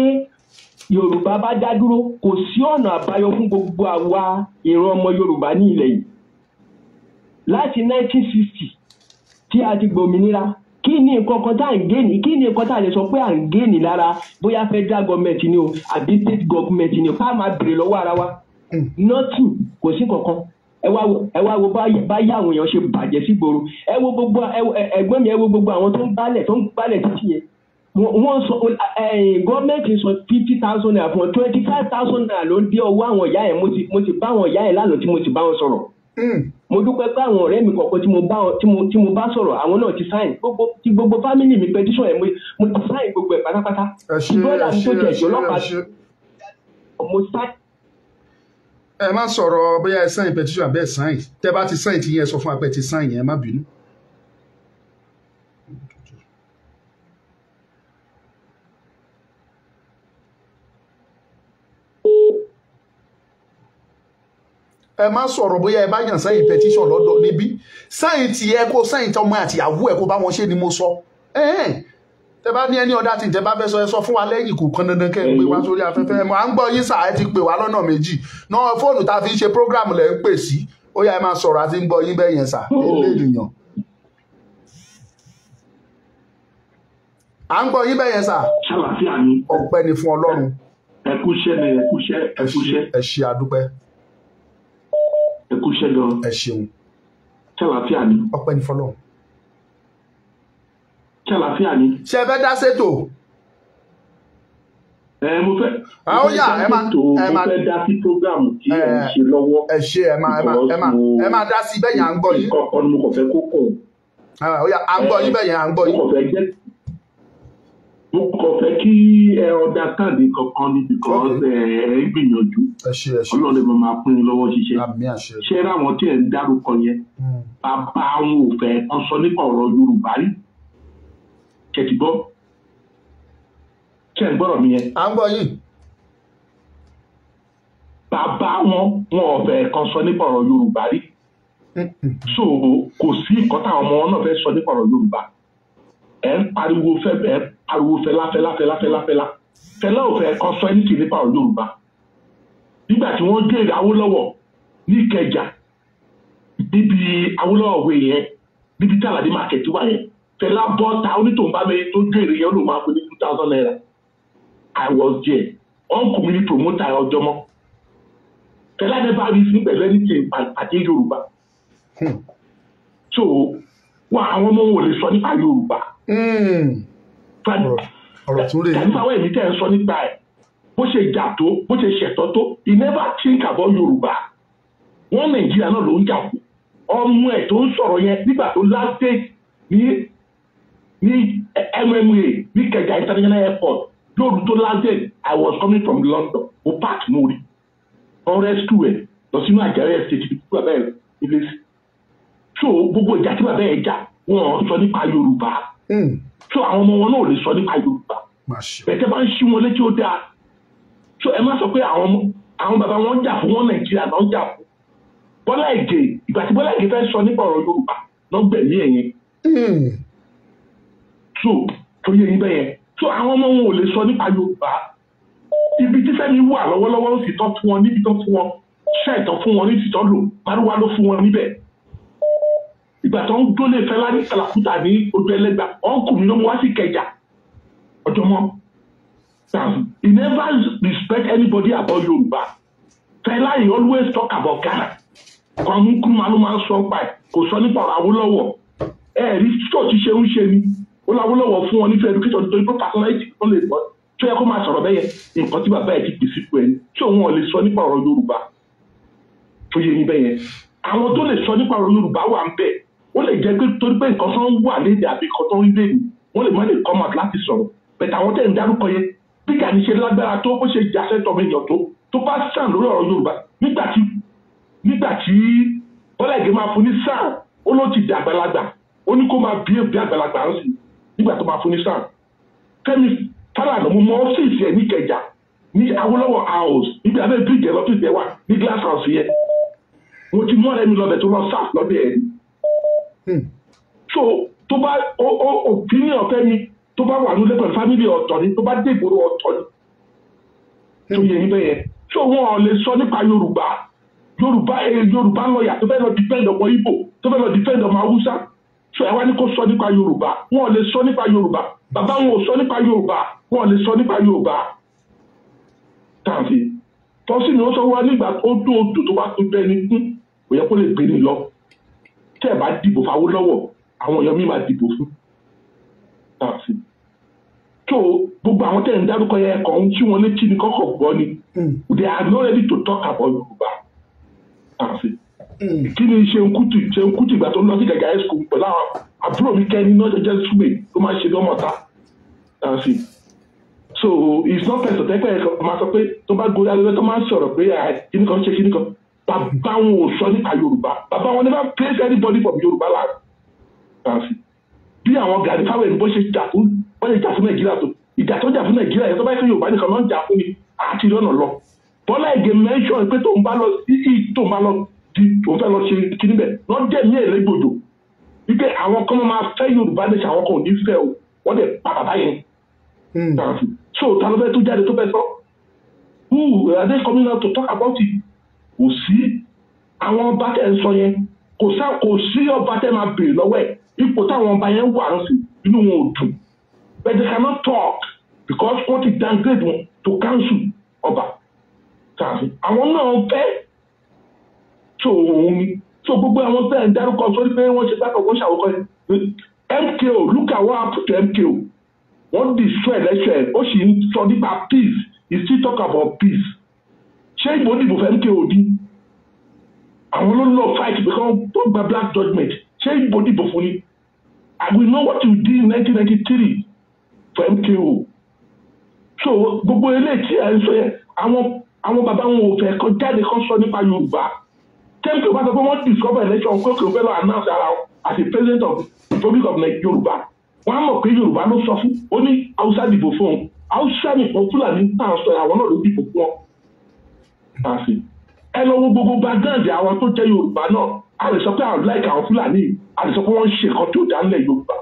yorùbá bá dá dúró kò sí ọ̀nà àbáyọ fún gbogbo àwa ìran ọmọ yorùbá ní ilẹ̀ yìí láti 1960 tí a ti gbòmìnira kí ni nǹkan kan tá à ń géènì kí ni nǹkan tá à lè sọ pé à ń géènì lára bóyá federal government ni o àbí state government ni o ká máa bèrè lọ́wọ́ ara wa nothing kò sí kankan ẹ wá wo ẹ wá àwọn èèyàn ṣe bàjẹ́ sígboro ẹ wo gbogbo ẹgbọ́n mi ẹ wo gbogbo àwọn tó ń gbálẹ̀ tó ń gbálẹ̀ títí yẹn wọ́n sọ gọ́ọ̀mẹ̀ntì sọ fifty thousand naira fún twenty five thousand naira ló ń dé ọwọ́ àwọn ìyá yẹn mo ti bá àwọn ìyá yẹn lánàá tí mo ti bá wọn sọ̀rọ̀ hmm. mo dúpẹ́ pé àwọn ọ̀rẹ́ mi kọ̀ọ̀kan tí mo bá sọ̀rọ̀ àwọn náà ti sáìn ti gbogbo fámìlì mi pẹtíṣọ̀ ẹ̀ mo ti sáìn gbogbo ẹ̀ pátápátá ṣùgbọ́n ìlànà tó jẹ̀ ìjọlọ́pàá mo sáìn ẹ má sọ̀rọ̀ bóyá ẹ sáyìn petition àbẹ́ sáyìn tẹ́ bá ti sáyìn tí yẹn sọ fún apẹ́ ti sáyìn yẹn má bínú. ẹ má sọ̀rọ̀ bóyá ẹ bá yàn sáyìn petition lọ́dọ̀ níbí sáyìn tí ẹ kó sáyìn tí àtìyàwó ẹ kó bá wọn ṣe ni mo sọ tẹ bá ní ẹni ọ̀dà tí ìjẹ́ bá fẹ́ sọ ẹ sọ fún wa lẹ́yìn kò kan dandan kẹ́ ẹ pè wá mm-hmm. sórí afẹ́fẹ́ ẹ mọ̀ à ń gbọ́ yín sáà ẹ ti pè wá lọ́nà méjì náà fóònù tá a fi ń ṣe program lẹ̀ ń pè sí ó yá ẹ máa sọ̀rọ̀ àti ń gbọ́ yín bẹ́ẹ̀ yẹn sà oh. ilé ènìyàn. à ń gbọ́ yín bẹ́ẹ̀ yẹn sà ọpẹ́ ni fún Ọlọ́run. ẹ ṣe àdúpẹ́. ẹ ṣeun. ṣàlàfíà ni. ọpẹ́ ni ṣàlàfíà ni. ṣe fẹ́ dá ṣètò. ẹ mo fẹ́ ah, ẹ ó yà ẹ máa ẹ máa mo fẹ́ dá sí programu tí ẹ ń ṣe lọ́wọ́. ẹ ṣe ẹ máa ẹ máa ẹ máa ẹ máa dá sí bẹ́ẹ̀ yẹn à ń gbọ́ yìí. ọkọ ni mo kàn fẹ́ kó kọ̀. Ah, ó yá à ń gbọ́ yìí bẹ́ẹ̀ yẹn à ń gbọ́ yìí. mo kàn fẹ́ jẹ́ mo kàn fẹ́ kí ẹ ọ̀dà káàdì kankan ni because eh, ẹ ń gbìyànjú ọlọ́run lè máa pín in lọ́wọ́ ṣiṣẹ́ ṣé ráwọn tí ẹ ń dárúkọ yẹn hmm. bàbá àwọn òfẹ́ kan nípa ọ̀rọ̀ Yorùbá yìí ṣe ti gbọ́ ṣe ń gbọ́rọ̀ mi yẹn. à ń gbọ́ yìí. bàbá wọn wọn ò fẹ́ kan sọ nípa ọ̀rọ̀ Yorùbá rí so kò sí nǹkan táwọn ọmọ wọn náà fẹ́ sọ nípa ọ̀rọ̀ Yorùbá ẹ̀ ń pariwo fẹ́ ẹ̀ ń pariwo fẹ́lá fẹ́lá fẹ́lá fẹ́lá fẹ́lá fẹ́lá ò fẹ́ kan sọ anything nípa ọ̀rọ̀ Yorùbá nígbà tí wọ́n dé Awólọ́wọ̀ ní Ìkẹjà níbi Awólọ́wọ̀ wẹ̀ yẹn níbi tí Àlàdé market wà yẹn tẹ̀lá bọ́ta onítòǹbàmẹ́ tó ju èrè yẹn ló máa fún ní two thousand naira I was there ọ̀nkùnrin ní promoter ọjọ́ mọ́ tẹ̀lá never rí sí pẹ̀lú anything àti Yorùbá hmm. so wa àwọn ọmọ wọn ò lè sọ nípa Yorùbá hmm. ọ̀rọ̀ tún rèé tàbí àwọn èmi tẹ̀ ń sọ nípa ẹ̀ bó ṣe jà tó bó ṣe ṣẹ̀tọ́ tó he never think about Yorùbá wọn Nàìjíríà náà ló ń jà kú ọmọ ẹ̀ tó ń sọ̀rọ̀ yẹn nígbà tó last day ní ní MMA ní Ìkẹjà international airport lóòrù tó landed I was coming from London mo park mo rí wọ́n rescue ẹ̀ lọ sínú àjẹrẹ́ estate ibi tí bàbá ẹ̀ ilé sí so gbogbo ìjà tí bàbá ẹ̀ jà wọ́n sọ nípa Yorùbá hmm. so àwọn ọmọ wọn náà ò lè sọ nípa Yorùbá bẹ̀tẹ̀ bá ń ṣí wọn létí ó dáa so ẹ má sọ pé àwọn ọmọ àwọn bàbá wọn jà fún wọn Nàìjíríà náà ń jà fún Bọ́lá Ìgè ìgbà tí Bọ́lá Ìgè fẹ́ sọ nípa ọ̀rọ̀ Yorùbá náà gbẹ̀mí ẹ̀yìn hmm so tó yé yín bẹ́ẹ̀ yẹn so àwọn ọmọ wọn ò lè sọ nípa Yorùbá ibi tí Fẹ́mi wà lọ́wọ́lọ́wọ́ ó sì tọ́ fún wọn níbi tó fún wọn ṣẹ́ẹ̀tọ́ fún wọn ní ti tọ́ lò pariwo ló fún wọn níbẹ̀ ìgbà tó ń gbólé Fẹlá ní kàlàkùtà ní ojú ẹlẹ́gbà ọ̀nkù mi ló mú wá sí Ìkẹjà ọjọ́mọ́ he never respect anybody about Yorùbá Fẹlá he always talk about Ghana kan mú kúrú màá ló máa ń sọ pa ẹ̀ kò sọ nípa ọ̀rọ̀ Awólọ́wọ̀ ẹ̀ẹ́dì tó ti ṣe ń ṣe ni ó láwọ́lọ́wọ́ fún wọn nífẹ̀ẹ́ education nítorí pé personality tó lè sọ tó yẹ kó máa sọ̀rọ̀ bẹ́yẹ nǹkan tí bàbá ẹ̀ ti pèsè fún ẹni tí òun ò lè sọ nípa ọ̀rọ̀ Yorùbá tó yẹ yín bẹ́yẹ àwọn tó lè sọ nípa ọ̀rọ̀ Yorùbá wà ń bẹ̀ ó lè jẹ́ pé torí pé nǹkan tó ń wà léde àbí nǹkan tó ń rí léde wọ́n lè má lè come out láti sọ̀rọ̀ bẹ̀tẹ̀ àwọn tẹ̀ ń dárúkọ yẹn bí Gani ṣe lágbára tó bó ṣe jàṣẹ́ tọmọnìyàn tó tó bá sàn lórí ọ̀rọ̀ Yorùbá nígbà tí nígbà tí Bọ́lá máa fún ní sáà ó ló ti dàgbàlagbà ó ní kó máa bí èbí àgbàlagbà ó sì nígbà tó máa fún ní sàn Kẹ́mi Fálànà mo mọ ọ́fíìsì ẹ̀ ní Ìkẹjà ní Awólọ́wọ̀ house níbi abẹ́ bíríjì ẹ̀ lọ́fíìsì ẹ̀ wà ní glass house yẹn mo ti mú ọ̀rẹ́ mi lọ́bẹ̀ tó lọ sáà lọ́dẹ̀ ẹ̀ hmm. so tó bá opinion ọ̀fẹ́ mi tó bá wà lólẹ́ pẹ̀lú family ọ̀tọ̀ ni tó bá dé ìgboro ọ̀tọ̀ ni tó yẹ yín bẹ́ẹ̀ yẹn so wọn ò lè sọ nípa Yorùbá Yorùbá eh, Yorùbá lọ́ọ̀yà tó fẹ́ lọ defend ọmọ Ìgbò tó fẹ́ lọ defend ọmọ Haúsá sọ ẹ wá ní kó sọ nípa yorùbá wọn ò lè sọ nípa yorùbá bàbá wọn ò sọ nípa yorùbá wọn ò lè sọ nípa yorùbá tàǹfì tọ́sí ni ó sọ wá nígbà tó dún odò tó bá tó bẹ́ẹ̀ ní kú kò yẹ kó lè gbé ní lọ tẹ́ ẹ bá dìbò fáwọn lọ́wọ́ àwọn èèyàn mi máa dìbò fún tàǹfì tó gbogbo àwọn tẹ̀ ń dárúkọ yẹn kàn ń tí wọn létí ní kọ́kọ́ gbọ́ ni hmm. they are not ready to talk about yorùbá tàǹfì. Mm. kí ni ṣe nkútù ṣe nkútù ìgbà tó ń lọ sí gàgà high school pẹ̀lú àwọn àbúrò mi kẹ́ni náà jẹjẹ súnmẹ̀ tó máa ṣe lọ́mọ̀ta àǹsì so it's not person tẹ́pẹ́ ẹ̀ máa sọ pé tó bá gorí alẹ́ tó máa ń sọ̀rọ̀ pé kíní kan ṣe kíní kan bàbá wọn ò sọ nípa Yorùbá bàbá wọn never praise anybody from Yorùbá land àǹsì bí àwọn Gani Fáwẹ́mi bó ṣe jà fún bó ṣe jà fún Nàìjíríà tó ìjà tó jà fún Nàìjíríà yẹn tó bá yẹ kó Yorùbá nìkan náà ń jà fún mi àti ìrọ̀nà lọ Bọ́lá Ìgè mẹ́ṣọ́ pé tó ń bá lọ di fẹ́ lọ ṣe kíní bẹ́ẹ̀ lọ́jẹ́ ní ẹ̀lẹ́gbòdò wípé àwọn kan máa fẹ́ yorùbá nation àwọn kan ò ní fẹ́ o wọ́n dẹ̀ pa yẹn. Hmm. so ta ló fẹ́ tó jáde tó fẹ́ sọ who uh, are they coming out to kò sí àwọn ọba tẹ̀ ń sọ yẹn kò sá kò sí ọba tẹ̀ máa béèrè lọ́wọ́ ẹ̀ ipò táwọn ọba yẹn wà lọ́sìn inú wọn ò dùn but they cannot talk because wọ́n ti downgrade wọn to council ọba. àwọn náà fẹ́ so òun ni so gbogbo àwọn tẹ́ ẹ̀ ń dárúkọ sórí pé wọ́n ṣe bákan wọ́n ṣàwọ́kọ́ MKO look at what happened to MKO wọ́n destroy election ó sì ń sọ nípa peace he still talk about peace ṣé ìbò dìbò fún MKO ni àwọn ló lọ fight because tó gba black judgement ṣé ìbò dìbò fún ni and we know what you did in 1993 for MKO so gbogbo eléyìí tí à ń sọ yẹn àwọn àwọn bàbá wọn ò fẹ́ kó jáde kó sọ nípa Yorùbá tẹ́lifí o bá sọ pé wọ́n discover election pé kò fẹ́ lọ announce ara o as a president of the republic of yorùbá wọ́n á mọ̀ pé yorùbá ló sọ fún ó ní haúsá dìbò fún un haúsá nìkan fúlàní náà sọ àwọn náà ló dìbò fún ọ. ẹ lọ wo gbogbo background àwọn tó jẹ́ yorùbá náà a lè sọ pé àwọn like àwọn fúlàní a lè sọ pé wọ́n ń ṣe nǹkan tó dá nílẹ̀ yorùbá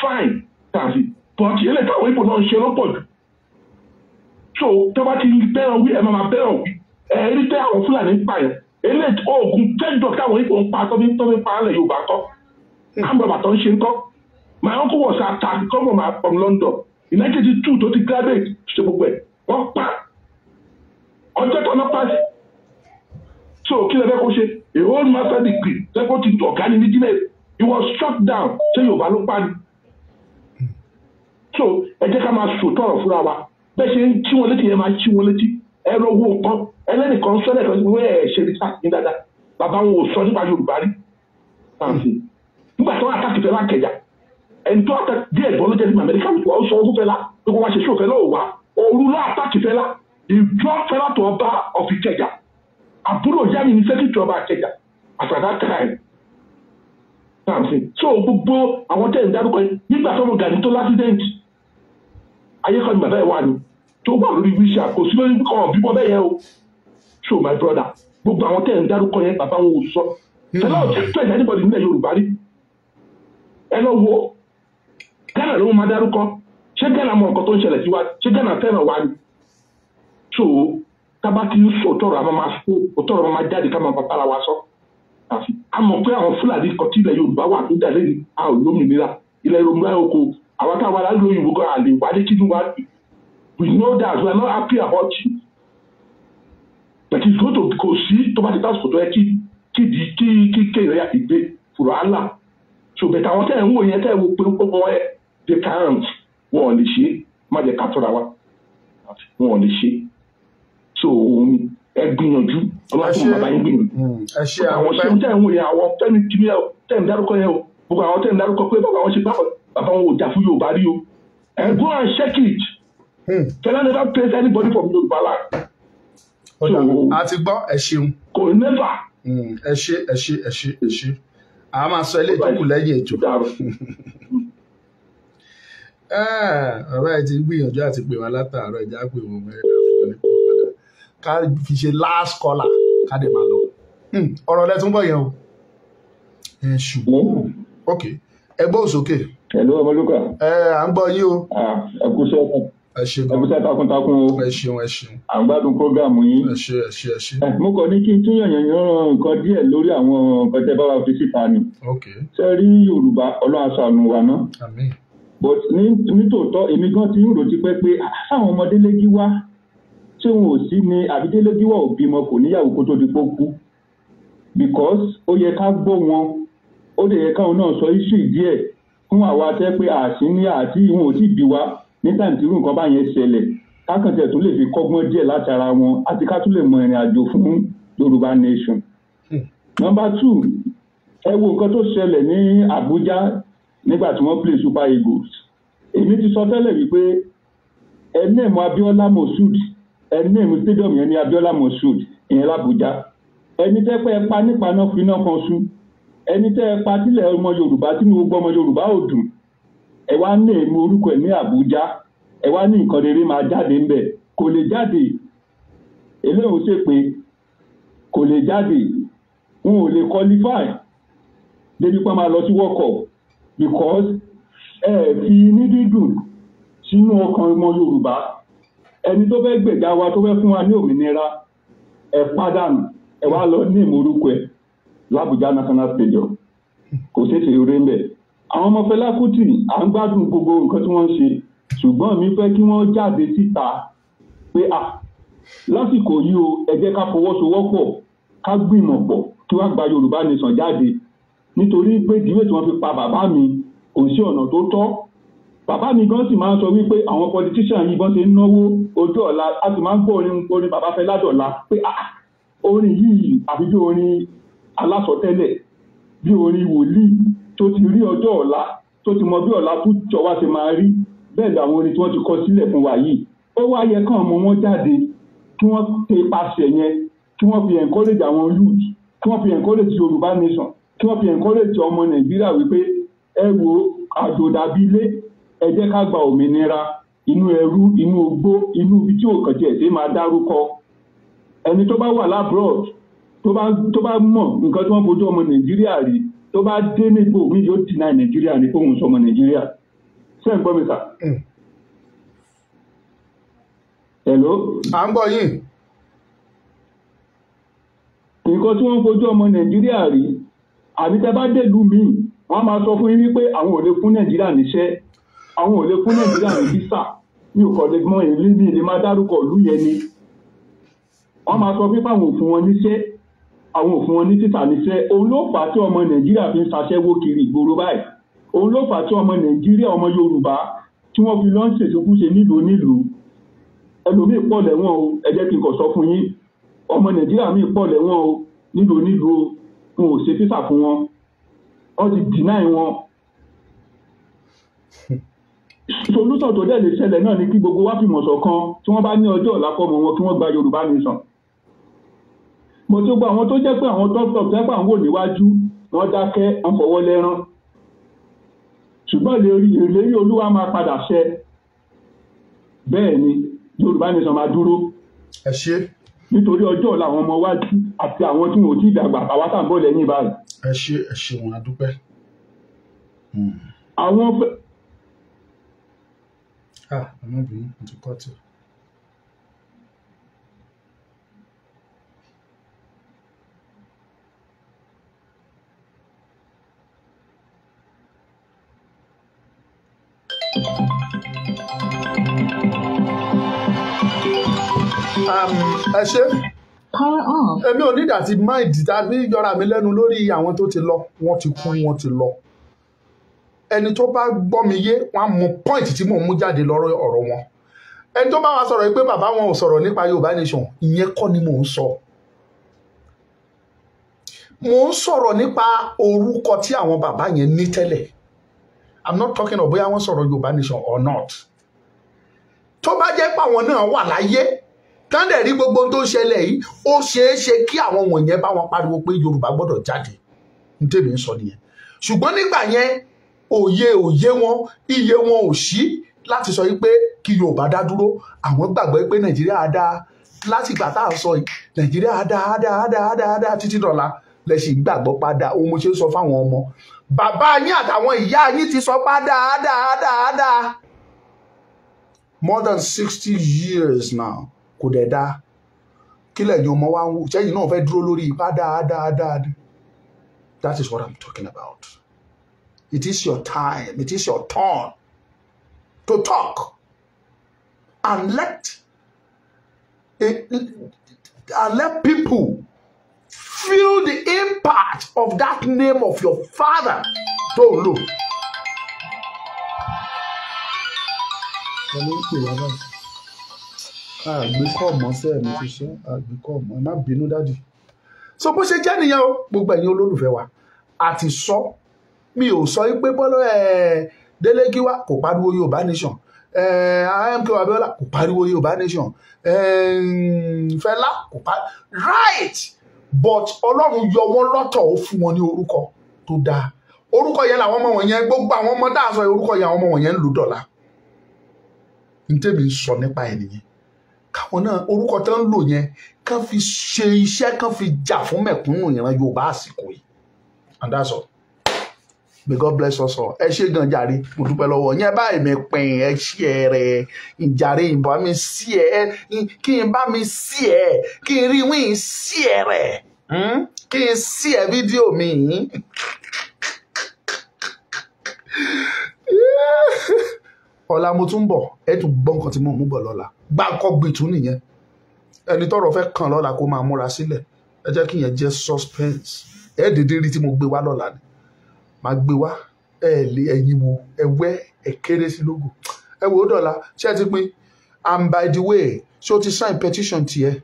fine tàbí but eléyìí táwọn ibo náà ń ṣe lọ́pọ̀ jù so tó bá ti bẹ́ràn wí ẹ máa bẹ́ràn wí ẹ rí pé àwọn fúlàní pààyàn eléyìí oògùn kẹjọ táwọn ipò ń pa tọ́bí tọ́bí pa alẹ̀ yorùbá kọ́ hmm. àmọ́bà tó ń ṣe ń kọ́ my uncle was attacked come from, from London in nineteen eighty two tó ti graduate ṣe gbogbo ẹ̀ wọ́n pa ọjọ́ tó náà pàṣẹ so kí lè fẹ́ kó ṣe a whole master degree lẹ́kọ̀ọ́ ti ọ̀gá ní business he was struck down ṣé yorùbá ló pa ni so ẹ jẹ́ ká máa sòtọ̀rọ̀ fúnra wa bẹ́ẹ̀ ṣe ń tí wọn létí yẹn máa tí wọn létí ẹ lọ wo nǹkan ẹlẹ́nìkan sọ́lẹ̀ kan wẹ́ ẹ̀ ṣe ní sáà ní dáadáa bàbá wọn ò sọ nípa Yorùbá rí sáǹsì nígbà tó wọn àtàkì fẹ́ láà kẹjà ẹni tó àtàkì díẹ̀ gbọ́n ló jẹ́ ní Amẹ́ríkà ló wà ó sọ ọdún fẹ́lá ló kọ́ wá ṣe ṣó fẹ́lá ò wá òru ló àtàkì fẹ́lá ìjọ fẹ́lá tó ọba ọ̀fi kẹjà àbúrò ìyá mi ní sẹ́kìtì ọba kẹjà àtàdá tàìm sáǹsì so gbogbo àwọn tẹ̀ ń dárúkọ nígbà tó mo gà ní tó lásídẹ́ǹtì ayé kan ní bàbá ẹ̀ wà ní tó wà lórí wíṣà kò sí lórí kọ́ ọ̀ bímọ bẹ́ẹ̀ yẹn so my brother gbogbo àwọn tẹ̀ ń dárúkọ yẹn bàbá wọn ò sọ hmm. ẹ lọ tẹ̀ anybody nílẹ̀ Yorùbá rí ẹ lọ wo Ghana ló máa dárúkọ ṣé Ghana mọ nǹkan tó ń ṣẹlẹ̀ sí wa ṣé Ghana fẹ́ràn wa ni so tabati ń sọ òtọ́rọ̀ àmọ́ máa sọ òtọ́rọ̀ máa jáde ká máa bàbá ara wa sọ a mọ̀ pé àwọn Fúlàní kan tí ilẹ̀ Yorùbá wà tó dàlẹ́ ni a ò lómìnira ilẹ̀ Yorùbá oko àwọn táwa aláàlú òyìnbó àlè wà ní kí ni wà we know that we are not happy about you but it's going to kò sí tó bá ti tásìkò tó yẹ kí kí di kí kí kéèyàn yà ìgbé fúràálà so bẹ̀tẹ̀ àwọn tẹ́ ẹ̀ ń wò yẹn tẹ́ ẹ̀ wò pé ó pọ̀ ẹ̀ they can't wọn ò lè ṣe má jẹ́ ká tóra wa wọn ò lè ṣe so òun ẹ gbìyànjú ọlọ́kùnrin bàbá yín gbìyànjú hmm, àwọn ṣẹ́yìn tẹ́ ẹ̀ ń wò yẹn àwọn tẹ́ni kìíní ẹ̀ tẹ́ ẹ̀ ń dárúkọ yẹn o gbogbo àwọn tẹ́ ẹ̀ ń dárúkọ pé bàbá wọn ṣe bàbá wọn ò jà fún Yorùbá rí o ẹ̀ go and check it hmm. Fẹlá never praise anybody from Yorùbá land a ti gbọ́ ẹ ṣeun. kò nífà. Hmm, ẹ ṣe ẹ ṣe ẹ ṣe ẹ ṣe a máa sọ ilé ìjókòó lẹ́yìn ètò. Eh, ọ̀rọ̀ ẹ ti ń gbìyànjú àti pè wá látàárọ̀ ẹ̀já pè wọ́n mẹ́rin fún mi ká fi ṣe last caller ká dé máa lọ. Hmm, ọ̀rọ̀ lẹ́tún bọ̀ yẹn o. ẹ ṣùgbọ́n ok ẹ gbọ́ òsókè. ẹ ló ọmọlúkà. ẹ eh, à ń gbọ́ yín o. ẹ kú sọ́kàn ẹ ṣe gan ẹkúṣẹ́ takuntakun o ẹ ṣeun ẹ ṣeun à ń gbádùn prógámù yín ẹ ṣe ẹ ṣe ẹ ṣe. mo kàn ní kí n tún yànyàn yàn nǹkan díẹ̀ lórí àwọn nǹkan tẹ́ bá wa fi síta ni. ṣe rí yorùbá ọlọ́run aṣọ àánú wa ná. but nítòótọ́ èmi gan ti ń rò ti pẹ́ pé sáwọn ọmọdé lẹ́gí wá tí wọn ò sí ni àbí délégí wà ò bímọ kò níyàwó kó tó di pó kú because ó yẹ ká gbọ́ wọn ó dẹ̀ yẹ káwọn náà sọ issue díẹ̀ fún àwa tẹ́ pé àṣì ní àti ìwọ̀n ò tí ì bí wa ní táìmù tí irú nǹkan bá yẹn ṣẹlẹ̀ kákàntẹ̀ tún lè fi kọ́gbọ́n díẹ̀ láti ara wọn àti ká tún lè mọ ìrìn àjò fún Yorùbá nation. Hmm. nọ́mbà two ẹ wo nǹkan tó ṣẹlẹ̀ ní Àbújá nígbà tí wọ́n play Super Eagles èmi ti sọ tẹ́lẹ̀ wípé ẹnẹ́ẹ̀mú Abiola Moshood ẹnẹ́ẹ̀mú stadium yẹn ní Abiola Moshood ìyẹn l'Àbújá ẹni tẹ́ pẹ́ pa nípa náà fi náà kan sú ẹni tẹ́ pa tílẹ̀ ọmọ Yorùbá tí mo Yorùbá ò dùn Ewa wá ń nèémí orúkọ ẹ̀ ní Àbújá ẹ ní nǹkan rere máa jáde ńbẹ̀ kò lè jáde eléyìí ṣe pé kò lè jáde n ò lè qualify débi pé lọ sí World because ẹ fi ní dídùn sínú ọkàn ọmọ Yorùbá ẹni tó fẹ́ wa tó fẹ́ fún wa ní òmìnira ẹ pàdánù ẹ wá lọ ní ìmọ̀ orúkọ l'Abuja National Stadium kò àwọn ọmọ Fẹlá Kútì à ń gbádùn gbogbo nǹkan tí wọ́n ń ṣe ṣùgbọ́n mi fẹ́ kí wọ́n jáde síta pé à lásìkò yìí o ẹ jẹ́ ká fọwọ́sowọ́pọ̀ ká gbìmọ̀ pọ̀ kí wọ́n gba Yorùbá nation jáde nítorí pé ìdíwé tí wọ́n fi pa bàbá mi kò sí ọ̀nà tó tọ́ bàbá mi gan sì máa ń sọ wípé àwọn politician yìí gan ti ń náwó ojú ọ̀la a sì máa ń gbọ́ orin orin bàbá Fẹlá dọ̀la pé à orin yìí àfi bí orin alásọtẹ́lẹ̀ bí orin wòlíì tó ti rí ọjọ́ ọ̀la tó ti mọ bí ọ̀la fújọ wa ṣe máa rí bẹ́ẹ̀ làwọn orin tí wọ́n ti kọ sílẹ̀ fún wa yìí ó wá yẹ kán ọmọ wọn jáde kí wọ́n tẹ ipasẹ̀ yẹn kí wọ́n fi encourage àwọn youth kí wọ́n fi encourage Yorùbá nation kí wọ́n fi encourage ọmọ Nàìjíríà wípé ẹ wo àjòdàbílé ẹ jẹ́ ká gba òmìnira inú ẹrú inú ogbó inú ibi tí òkàn tiẹ̀ dé máa dárúkọ ẹni tó bá wà lábroad tó bá mọ̀ nǹkan tí wọ́n fojú ọmọ Nàìjíríà rí tó bá dé nípò mi yóò dìnnà nàìjíríà ní fóun sọmọ nàìjíríà ṣé ń gbọ́ mi sà. hello. à ń gbọ́ yín. nǹkan tí wọ́n fojú ọmọ nàìjíríà rí àbí tẹ́ bá dé lùmí wọ́n máa sọ fún yín wípé àwọn ò lè fún nàìjíríà níṣẹ́ àwọn ò lè fún nàìjíríà ní bísà mi ò kọ́ lè mọ èlé mi lè má dárúkọ ìlú yẹn ni wọ́n máa sọ fífàwọn òfin wọn níṣẹ́ àwọn òfin wọn ní títà níṣẹ́ òun ló fà á tí ọmọ nàìjíríà fi ń ṣaṣẹ́wó kiri ìgboro báyìí òun ló fà á tí ọmọ nàìjíríà ọmọ yorùbá tí wọ́n fi lọ ń ṣèṣokúṣe nílùú nílùú ẹlòmíì pọ̀ lẹ́wọ̀n o ẹ jẹ́ kí n kàn sọ fún yín ọmọ nàìjíríà míì pọ̀ lẹ́wọ̀n o nílùú nílùú o wọn ò ṣe físà fún wọn wọ́n ti dìnáì wọn solúsọ̀ tó dẹ̀ lè ṣẹlẹ̀ náà ni kí gbogbo wa fìmọ̀ ṣọ̀kan tí wọ́n bá ní ọjọ́ ọ̀la fọmọ wọn kí wọ́n gba yorùbá nation mo tún gba àwọn tó jẹ́ pé àwọn tọ́pọ̀ tẹ́pà ń wò níwájú wọ́n dákẹ́ wọ́n fọwọ́ lẹ́rán ṣùgbọ́n ìlérí olúwa máa padà ṣẹ bẹ́ẹ̀ ni yorùbá nation máa dúró nítorí ọjọ́ ọ̀la àwọn ọmọ wájú àti àwọn tí wọn ò tí ì dàgbà àwa tá à ń bọ̀ lẹ́yìn báyìí. ẹ ṣe ẹ ṣe wọn hmm. ah ọmọbìnrin mo ti kọ́ ti. Um, ẹ ṣe èmi ò nídà ti mind tàbí yọra mi lẹ́nu lórí àwọn tó ti lọ wọ́n ti kú wọ́n ti lọ ẹni tó bá gbọ́ mi yé wọ́n á mú point tí mò ń mú jáde lọ́rọ̀ ọ̀rọ̀ wọn ẹni tó bá wa sọ̀rọ̀ pé bàbá wọn ò sọ̀rọ̀ nípa Yorùbá nation ìyẹn kọ́ ni mò ń sọ mò ń sọ̀rọ̀ nípa orúkọ tí àwọn bàbá yẹn ní tẹ́lẹ̀ i'm not talking of bóyá wọ́n sọ̀rọ̀ yorùbá nation or not tó bá jẹ́ páwọn náà wà láyé kándẹ̀ rí gbogbo tó ń ṣẹlẹ̀ yìí ó ṣeé ṣe kí àwọn wọ̀nyẹn bá wọn pariwo pé yorùbá gbọ́dọ̀ jáde ní tèmi ń sọ nìyẹn ṣùgbọ́n nígbà yẹn òye òye wọn iye wọn ò sí láti sọ pé kí yorùbá dá dúró àwọn gbàgbọ́ pé nàìjíríà á dáa látìgbà tá à ń sọ yìí nàìjíríà á dáa á dáa á dáa á dáa títí dọ̀la lẹ́sìn gbàgbọ́ padà ohun mo ṣe ń sọ fáwọn ọmọ bàbá yín àtàwọn ìyá yín ti sọ pa dáadáa more than sixty years now kò dẹ̀ da? kí lẹ́yìn ọmọ wa ń wò sẹ́yìn náà fẹ́ dúró lórí ipá dáadáa that is what I'm talking about it is your time it is your turn to talk and let it, and let people feel the impact of that name of your father tó ń lò. ẹni pè wá báyìí àgbékọ̀ ọmọ sẹ́ẹ̀ mi ti ṣe àgbékọ̀ ọmọ ẹ má bínú dádì. so bó ṣe jẹ́ nìyẹn o gbogbo ẹ̀yin olólùfẹ́ wa àti sọ mi ò sọ pé bọ́lá ẹ̀ délégiwa kò pariwo yorùbá nation amk abiola kò pariwo yorùbá nation fẹlá kò pariwo right but ọlọ́run yọ wọ́n lọ́tọ̀ ó fún wọn ní orúkọ tó dáa orúkọ yẹn làwọn ọmọ wọ̀nyẹn gbogbo àwọn ọmọ dáàsọ orúkọ yẹn àwọn ọmọ wọ̀nyẹn ń lò dọ̀la ntẹ́mi ń sọ nípa ẹ̀ nìyẹn káwọn náà orúkọ tó ń lò yẹn kán fi ṣe iṣẹ́ kán fi jà fún mẹ̀kúnnù ìran Yorùbá àsìkò yìí and that's all may God bless us all ẹ ṣe gan jàre mo dúpẹ́ lọ́wọ́ yẹn báyìí mi pin ẹ ṣí ẹ rẹ ìjàre ìbọn mi sí ẹ kí n bá mi sí ẹ kí n rí wíìn sí ẹ rẹ hmm? kí n sí ẹ fídíò mi yìí. ọ̀la mo tún bọ̀ ẹ tún gbọ́ nǹkan tí mo mú bọ̀ lọ́la gbàǹkọ́ gbìtú nìyẹn ẹni tọrọ fẹ́ kàn lọ́la kó máa múra sílẹ̀ ẹ jẹ́ kí yẹn jẹ́ suspense ẹ dèdè rí tí mo gbé wá lọ́la ni máa gbé wá ẹ lè ẹ̀yin wo ẹ̀wẹ́ ẹ̀ kéré sí lógo ẹ wò ó dọ̀la ṣé ẹ ti pín and by the way ṣé o ti sign petition tiẹ̀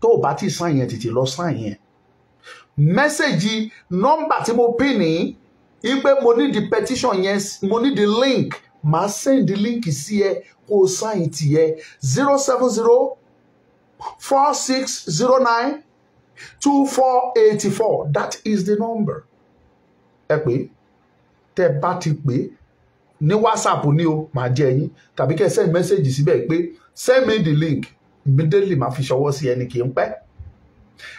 tó o bá ti sign yẹn tètè lọ sign yẹn mẹ́sẹ̀gì nọ́mbà tí mo pín ní ipe mo ní di petition yẹn mo ní di link màá send link sí ẹ kó o sign tiẹ̀ zero seven zero four six zero nine two four eighty four that is the number ẹ pè é tẹ́ ẹ bá ti pè ní whatsapp ni o màá jẹ́ yín tàbí kẹ́ send message síbẹ̀ pé send me the link immediately màá fi ṣọwọ́ sí ẹni kì í pẹ́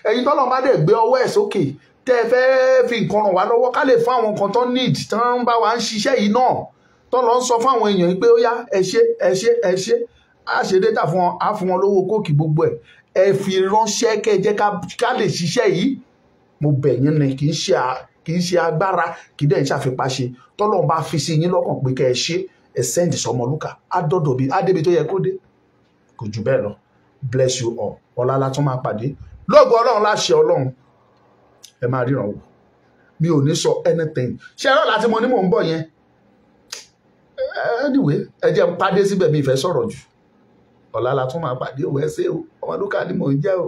ẹ̀yin tọ́lọ́ bá dẹ̀ gbé ọwọ́ ẹ̀ sókè tẹ́ ẹ fẹ́ fi nǹkan ràn wá lọ́wọ́ ká lè fún àwọn nǹkan tó need tí wọ́n ń bá wa ń ṣiṣẹ́ yìí náà tọ́lọ́ ń sọ fún àwọn èèyàn pé ó yá ẹ ṣe ẹ ṣe ẹ ṣe á ṣe data fún wọn á fún wọn lówó kóòkì gbogbo ẹ̀ ẹ fi ránṣẹ́ kẹ́ ẹ jẹ́ ká lè ṣiṣẹ́ yìí mo bẹ̀ ni kì í ṣe kì í ṣe agbára kì í dẹ̀ ń ṣàfipáṣe tọ́lọ́run bá fi sí yín lọ́kàn pé kẹ́ ẹ ṣe ẹ sẹ́ǹdì sọmọlúkà adọ́dọ̀ bíi adébi tó yẹ kó dé kò jù bẹ́ẹ̀ lọ bless you all ọ̀la la tún máa pàdé lógo ọlọ́run láṣẹ ọlọ́run ẹ máa ríran wò mi ò ní sọ anything ṣé ẹ̀rọ láti mọ ní mò ń bọ̀ yẹn anyway ẹ jẹ́ n pàdé síbẹ̀ mi ìfẹ́ sọ̀rọ̀ jù ọ̀la la tún máa pàdé òwe ṣé o ọmọlúkà ni mò ń jẹ́ o.